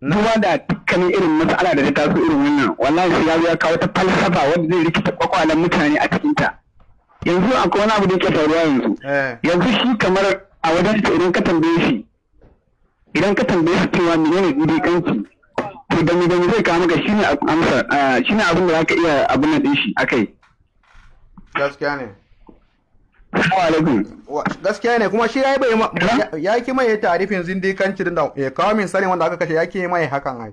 Speaker 2: Hmm. Duba da dukkanin irin matsala da ta taso irin wannan wallahi sai ya zo ya kawo ta falsafa wanda zai rikita kwakwalen mutane a cikinta. Yanzu akwai wani abu da yake faruwa yanzu. Yanzu shi kamar a wajen ta idan ka tambaye shi idan ka tambaye shi cewa gidi kanki to da da zai kawo maka shine amsa shine abin da zaka iya abin nan din shi akai
Speaker 1: gaskiya ne Assalamu alaikum. Gaskiya ne kuma shi ya bai ya mai tarifin zindikanci din da ya kawo min sani wanda aka kashe ya mai hakan ai.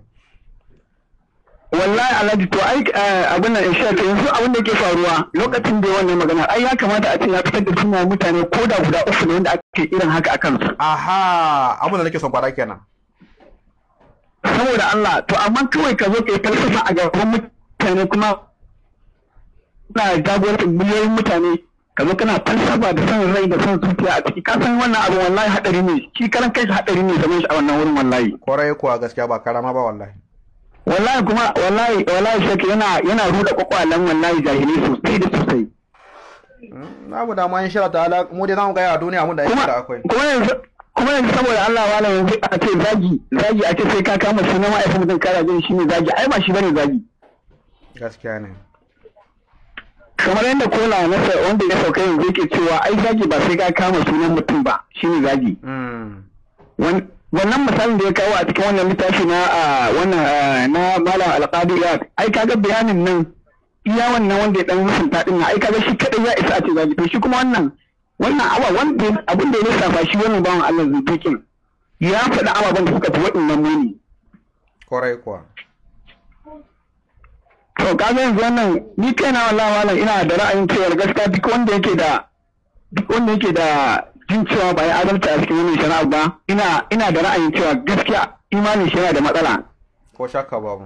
Speaker 2: wallahi alhaji to ai eh, abin nan
Speaker 1: insha ta yanzu abin da ke faruwa lokacin da wannan magana ai ya kamata a ce ya fitar da suna mutane ko da guda uku ne wanda ake irin haka a kansu aha abin da nake son fara kenan saboda Allah to amma kawai ka zo kai falsafa a gaban mutane kuma na jagorancin miliyoyin
Speaker 2: mutane ka zo kana falsafa da son rai da son zuciya a ciki ka san wannan abu wallahi hadari ne
Speaker 1: shi karan kai hadari ne zaman shi a wannan wurin wallahi kwarai kuwa gaskiya ba karama ba wallahi wallahi kuma wallahi wallahi shek yana yana ruda kwakwalen wallahi jahili sosai da sosai na hmm, mu da ma ta Allah mu dai zamu kai a duniya mun da yake da akwai kuma yanzu kuma
Speaker 2: yanzu saboda Allah wala yanzu a ce zagi zagi a ce sai ka kama sunan na ma'aikata mutum kara jin shine zagi ai ba shi bane zagi gaskiya ne kamar yadda kola na wanda ya sauka yanzu yake cewa ai zagi ba sai ka kama sunan mutum ba shine zagi hmm. wannan misalin da ya kawo a cikin wannan littafi na wannan na malam alqadi ai kaga bayanin nan iya wannan wanda ya dan musunta din ai kaga shi kadai ya isa a ce zaki to shi kuma wannan wannan awa wanda abin da ya lissafa shi wannan bawan Allah
Speaker 1: zuntukin ya faɗi ababen da suka fi waɗannan muni kwarai kuwa to kaga yanzu wannan ni kaina wallahi malam ina da ra'ayin cewa
Speaker 2: gaskiya duk wanda yake da duk wanda yake da jin cewa ba ya adalci a cikin wannan shari'a ba ina ina da ra'ayin cewa gaskiya imanin shi yana da matsala
Speaker 1: ko shakka babu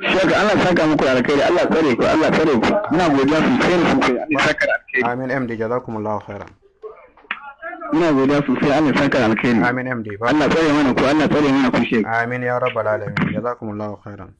Speaker 1: shaka Allah saka muku da alkhairi Allah tsare ku Allah tsare ku ina godiya sosai da sosai Allah saka da alkhairi amin MD jazakumullahu khairan ina godiya sosai Allah saka da alkhairi amin MD Allah tsare mana ku Allah tsare mana ku shekaru amin ya rabbal alamin jazakumullahu khairan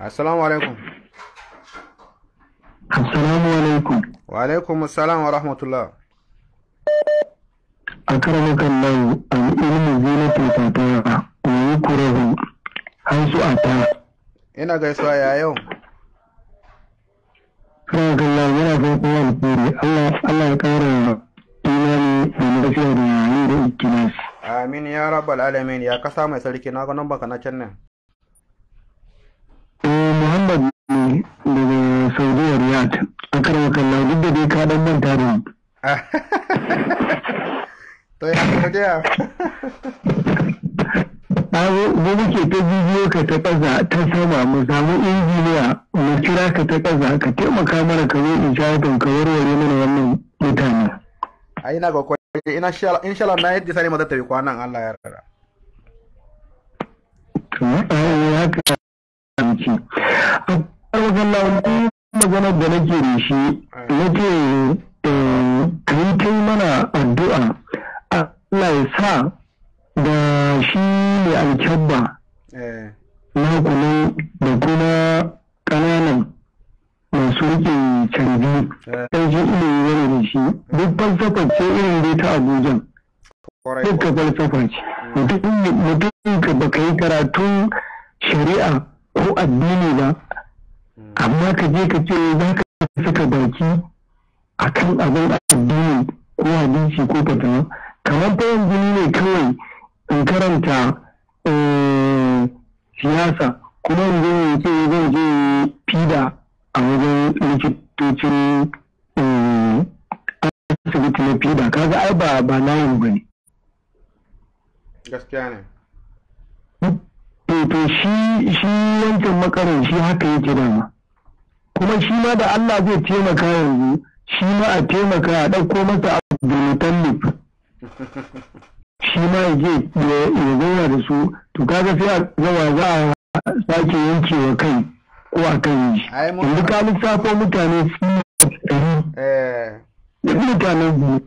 Speaker 1: assalamu alaikum assalamu alaikum wa alaikum assalam wa rahmatullah
Speaker 2: أكرمك yi العلم زينة الفتاة su a ta
Speaker 1: ina gaisuwa ya yau
Speaker 2: kan kallon yana zai kowa kuri Allah ya kara imani da lafiya da yayi da ikinas
Speaker 1: amin ya rabbal alamin ya kasa mai sarki na ga nan baka na can nan
Speaker 2: daga saudi Riyadh. A karwa kalla duk da dai ka dan manta da
Speaker 1: To ya Saudiya.
Speaker 2: Abu da muke ta bibiyo ka ta ƙaza ta sama mu samu injiniya mu kira ka ta ƙaza ka taimaka mana ka zo in shafin ka warware mana wannan mutane.
Speaker 1: A ina ga kwaye ina inshallah na yadda sani mazata bi kwanan Allah ya rara.
Speaker 2: To, haka 嗯。Allah maganar da nake da shi nake kai kai mana addu'a Allah ya sa da shi ne alkyabba na kunu da kuma ƙananan masu rike canji sai shi yi yana da shi duk falsafa ce irin dai ta abuja duk ka falsafa ce mutum ka baka yi karatun shari'a ko addini ba amma ka je ka ce za ka saka baki a kan abin addini ko hadisi ko fatawa kamar ta yanzu ne kawai in karanta eh, siyasa kuma in zo ya ce zan je fida a wajen likitocin eh, asibiti na fida kaga ai ba ba layin ba gaskiya ne to shi shi yankin makarin shi haka yake dama kuma shi ma da Allah zai taimaka yanzu shi ma a taimaka a ɗauko masa abdulmutallif shi ma ya je ya zauna da su to kaga sai a zawa za a sake yankewa
Speaker 1: kai ko a kan yi yanzu ka lissafo mutane su ɗari mutanen su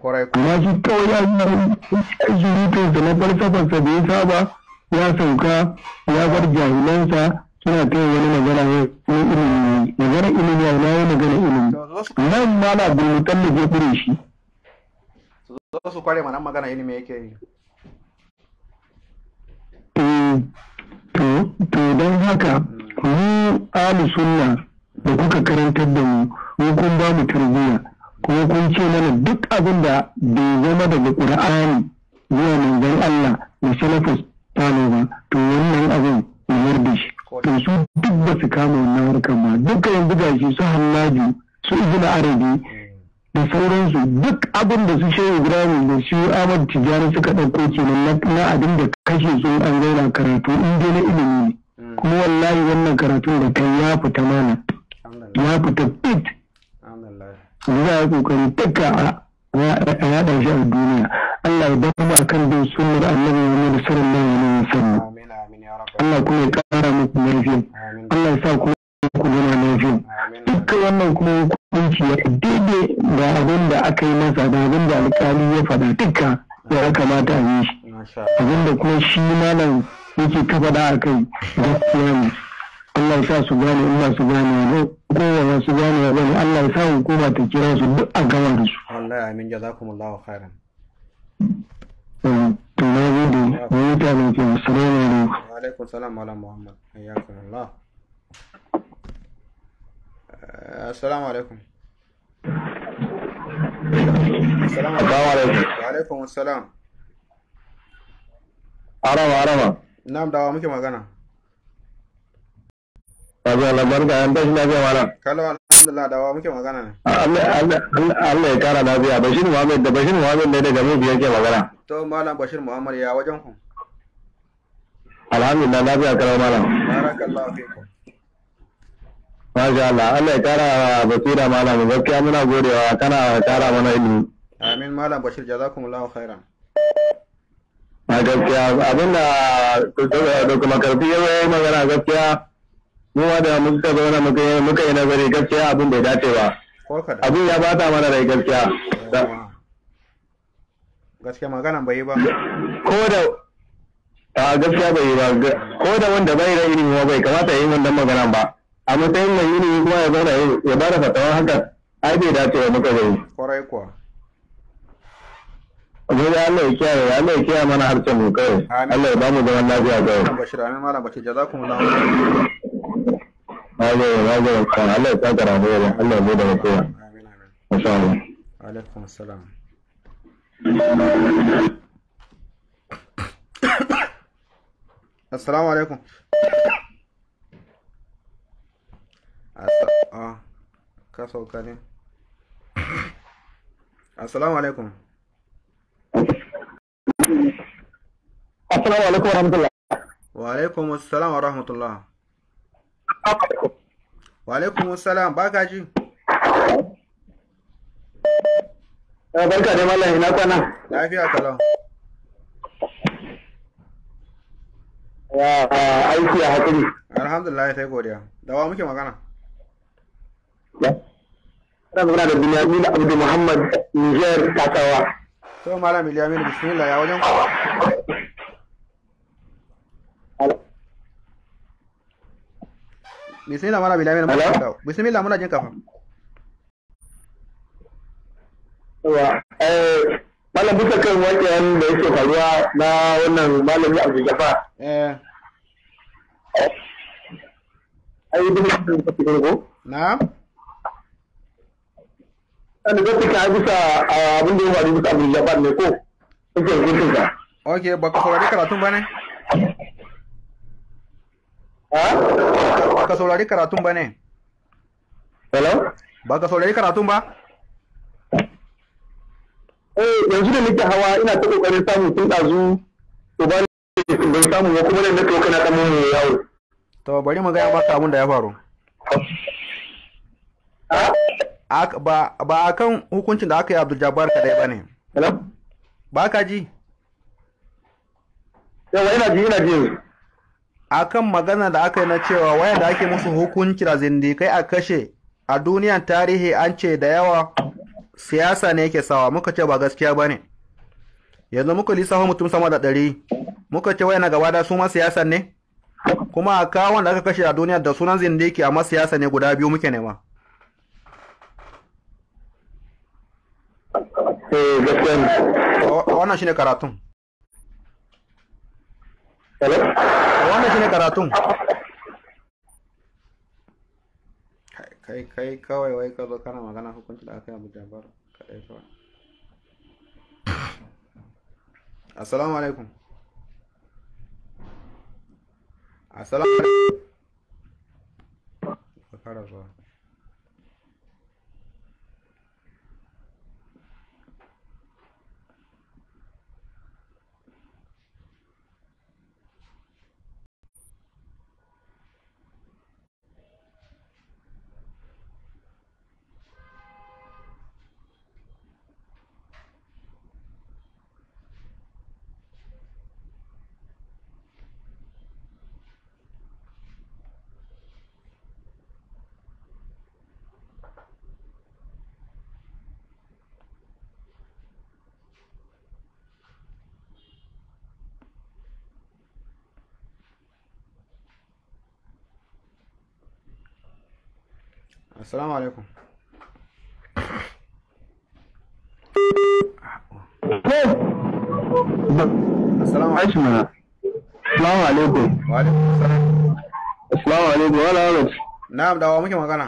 Speaker 1: kuma shi kawai ya
Speaker 2: yi zurutun sa na falsafarsa da ya saba ya sauka ya bar jahilansa suna kai wani magana ne ilimi magana ilimi ya na yi magana ilimi nan ma na bulmutan da zai kure shi
Speaker 1: zo su kware magana ilimi yake yi
Speaker 2: to don haka hmm. mu ahlu sunna da kuka karantar da mu mu kun ba mu tarbiyya kuma kun ce mana duk abin da bai zama daga qur'ani zuwa manzon Allah da salafus Ɗaliba, to wannan abin yawar da shi to su duk ba su kama wannan harkar ma duka yanzu gashi su hallaju su ibina arabi da sauransu duk abin da su shehu ibrahim da su ahmad tijjani suka ɗauko kenan na abin da kashe su an zauna karatu in dai na ilimi ne hmm. kuma wallahi wannan karatun da kai ya fita mana ya fita fit za a kokari duka ya ɗauki a duniya Allah ya bar bamu akan bin sunnar annabi Muhammad sallallahu alaihi wasallam Allah kuma ya ƙara muku lafiya Allah ya sa ku ku zama lafiya dukkan wannan kuma hukunci ya daidai ga abin da aka yi masa da abin da alƙali ya faɗa duka ya kamata a yi shi abin da kuma shi malam yake ta faɗa a kai gaskiya ne Allah ya sa su gane Allah su gane kowa su gane Allah ya sa hukuma ta kira su duk a gama da su
Speaker 1: الله امين جزاكم الله خيرا
Speaker 2: السلام عليكم
Speaker 1: وعليكم السلام على محمد حياكم الله آه، السلام عليكم السلام عليكم وعليكم السلام عرب عرب نعم دعوة مكي مغانا Kaza labar da an tashi lafiya malam. Kalwa Alhamdulillah da wa muke magana ne. Allah ya kara lafiya Bashir Muhammad da Bashir Muhammad ne daga Mubi yake magana. To Malam Bashir Muhammad ya wajen ku.
Speaker 2: Alhamdulillah lafiya kara Malam. Barakallahu Masha Allah Allah ya kara basira Malam gaskiya muna godewa kana kara mana ilimi.
Speaker 1: Amin Malam Bashir jazakumullahu khairan.
Speaker 2: A gaskiya abinda Dr. Makarfi ya magana gaskiya mu da muka zauna muka yi nazari gaskiya abin bai dace ba
Speaker 1: abin ya bata mana rai gaskiya gaskiya magana bai yi ba ko da
Speaker 2: a gaskiya bai yi ba ko da wanda bai da ilimi ma bai kamata yin wannan magana ba a matsayin mai ilimi kuma ya zauna ya ba da fatawa haka ai bai dace ba muka gani
Speaker 1: kwarai kuwa Gobe Allah ya kiyaye, Allah ya kiyaye mana harshen mu kai. Allah ya bamu zaman lafiya kai. kawai. Bashir, amin malam bashir, jazakumullahu khairan.
Speaker 2: هذا يعني
Speaker 1: عليكم السلام السلام عليكم اه كسو كريم السلام عليكم السلام عليكم ورحمة الله وعليكم السلام ورحمة الله Wa alaikum salam ka ji. Eh, barka da mallam ina kwana. Lafiya kala Ya aiki a hakuri. Alhamdulillah sai godiya. Dawa muke magana. Ina magana da Binyamin Abdul Muhammad Niger Kasawa. To malam Binyamin bismillah ya wajen ku. bismillah mala bilahi na bismillah jin kafa
Speaker 2: eh, malam kan da yake faruwa na wannan malami abu jafa
Speaker 1: na an ga tuka bisa abin da abu jafa ne ko kake ka okay ba ka saurari karatun ha baka saurari karatun ba ne hello baka saurari karatun ba eh yanzu da nake hawa ina ta kokarin samu tun dazu to ba bai samu ba kuma da nake kana ta mun yawo to bari mu ga ya baka abun da ya faru ba ba akan hukuncin da aka yi Abdul Jabbar kadai ba ne. Ba ka ji? Yawa ina ji ina ji. akan magana da aka yi na cewa waya da ake musu hukunci da zindikai a kashe a duniyan tarihi an ce da yawa siyasa ne yake sawa muka ce ba gaskiya ba ne yanzu muka lissafa mutum sama da ɗari muka ce waya na gaba da su ma siyasa ne kuma a kawon da aka kashe a duniya da sunan zindiki amma siyasa ne guda biyu muke nema eh, wannan shi ne karatun wanda shi ne karatun. Kai kai kawai wai ka zo kana magana hukunci da aka yi abu jabar kaɗai kawai. Assalamu alaikum. Assalamu alaikum. Ka kara zuwa. assalamu alaikum assalamu alaikum wa alaikum assalam assalamu alaikum wala magana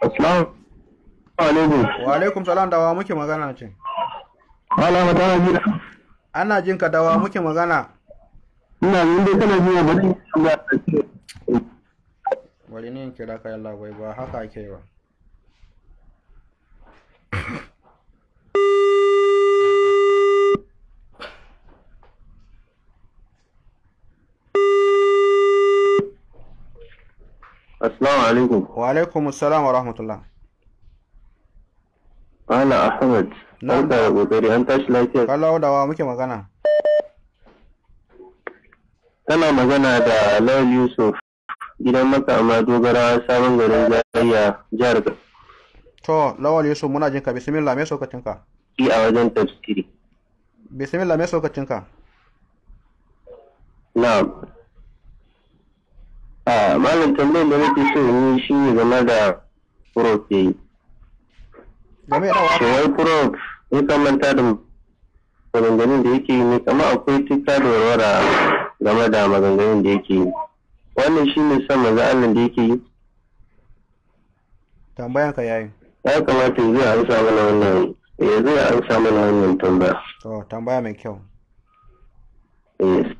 Speaker 1: assalamu wa alaikum salam dawa ana jin ka dawa muke magana ina yin dai kana ji ba bari ne kira ka yalla bai ba haka ake ba Assalamu alaikum. Wa alaikum assalam wa rahmatullah. Ana Ahmad. Na da kokari an tashi lafiya. Kallau da wa muke magana. Tana magana da Lawal Yusuf gidan maka amma dogara sabon garin jariya jihar ga to lawal yusuf muna jinka bismillah mai sokacin ka. shi a wajen tafsiri. bismillah mai sokacin ka.
Speaker 2: na'am. a malam tambayar da nake so yi shi ne game da prof ya yi. game da wata. wai prof kamanta da maganganun da yake yi ne kama akwai tuka da warwara game da maganganun da yake yi. wannan shi ne son maza Allah da yake yi
Speaker 1: tambaya ka yayi
Speaker 2: ya kamata zai amsa mana wannan eh, ya zai amsa mana wannan tambaya
Speaker 1: to tambaya mai kyau eh.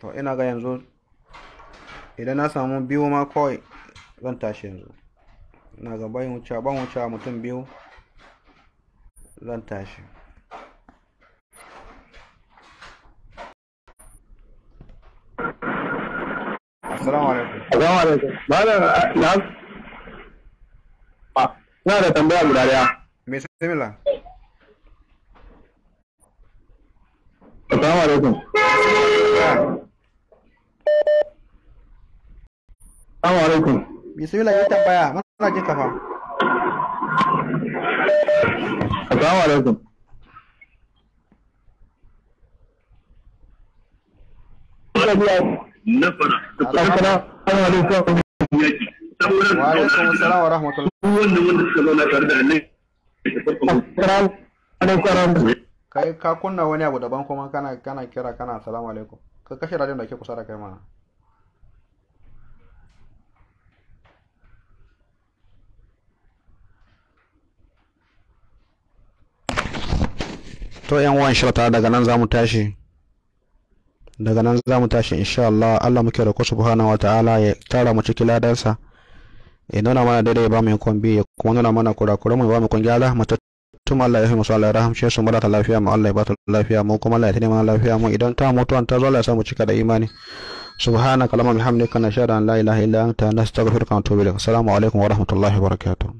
Speaker 1: to ina ga yanzu idan na samu biyu ma kawai zan tashi yanzu ina ga bayan wuce ban wuce mutum biyu zan tashi Assalamu alaikum. Assalamu alaikum. Malam eh, na ah, na da tambaya guda daya. Me sai mila? Assalamu alaikum. Assalamu alaikum. Bismillah ya tambaya, muna jin kafa. Assalamu nasara da kuma yaki sauran wanda wanda suka zauna tare da annabi kai ka kunna wani abu daban kuma kana kana kira kana salamu alaikum ka kashe radiyon da ke kusa da kai ma. to yan uwan shirta daga nan za mu tashi daga nan za mu tashi insha Allah Allah muke roƙo subhanahu wataala ya tara mu cikin ladansa ya nuna mana daidai ya ba mu yankon biyu ya kuma nuna mana kurakura mu ya ba mu kun gyara mu tattum Allah ya fi musu Allah ya rahamshe su mu ta lafiya mu Allah ya ba ta lafiya mu kuma Allah ya tana mana lafiya mu idan ta an ta zo Allah ya sa mu cika da imani subhanaka allahumma bihamdika nashhadu an la ilaha illa anta nastaghfiruka wa natubu ilaik assalamu alaikum wa rahmatullahi wa barakatuh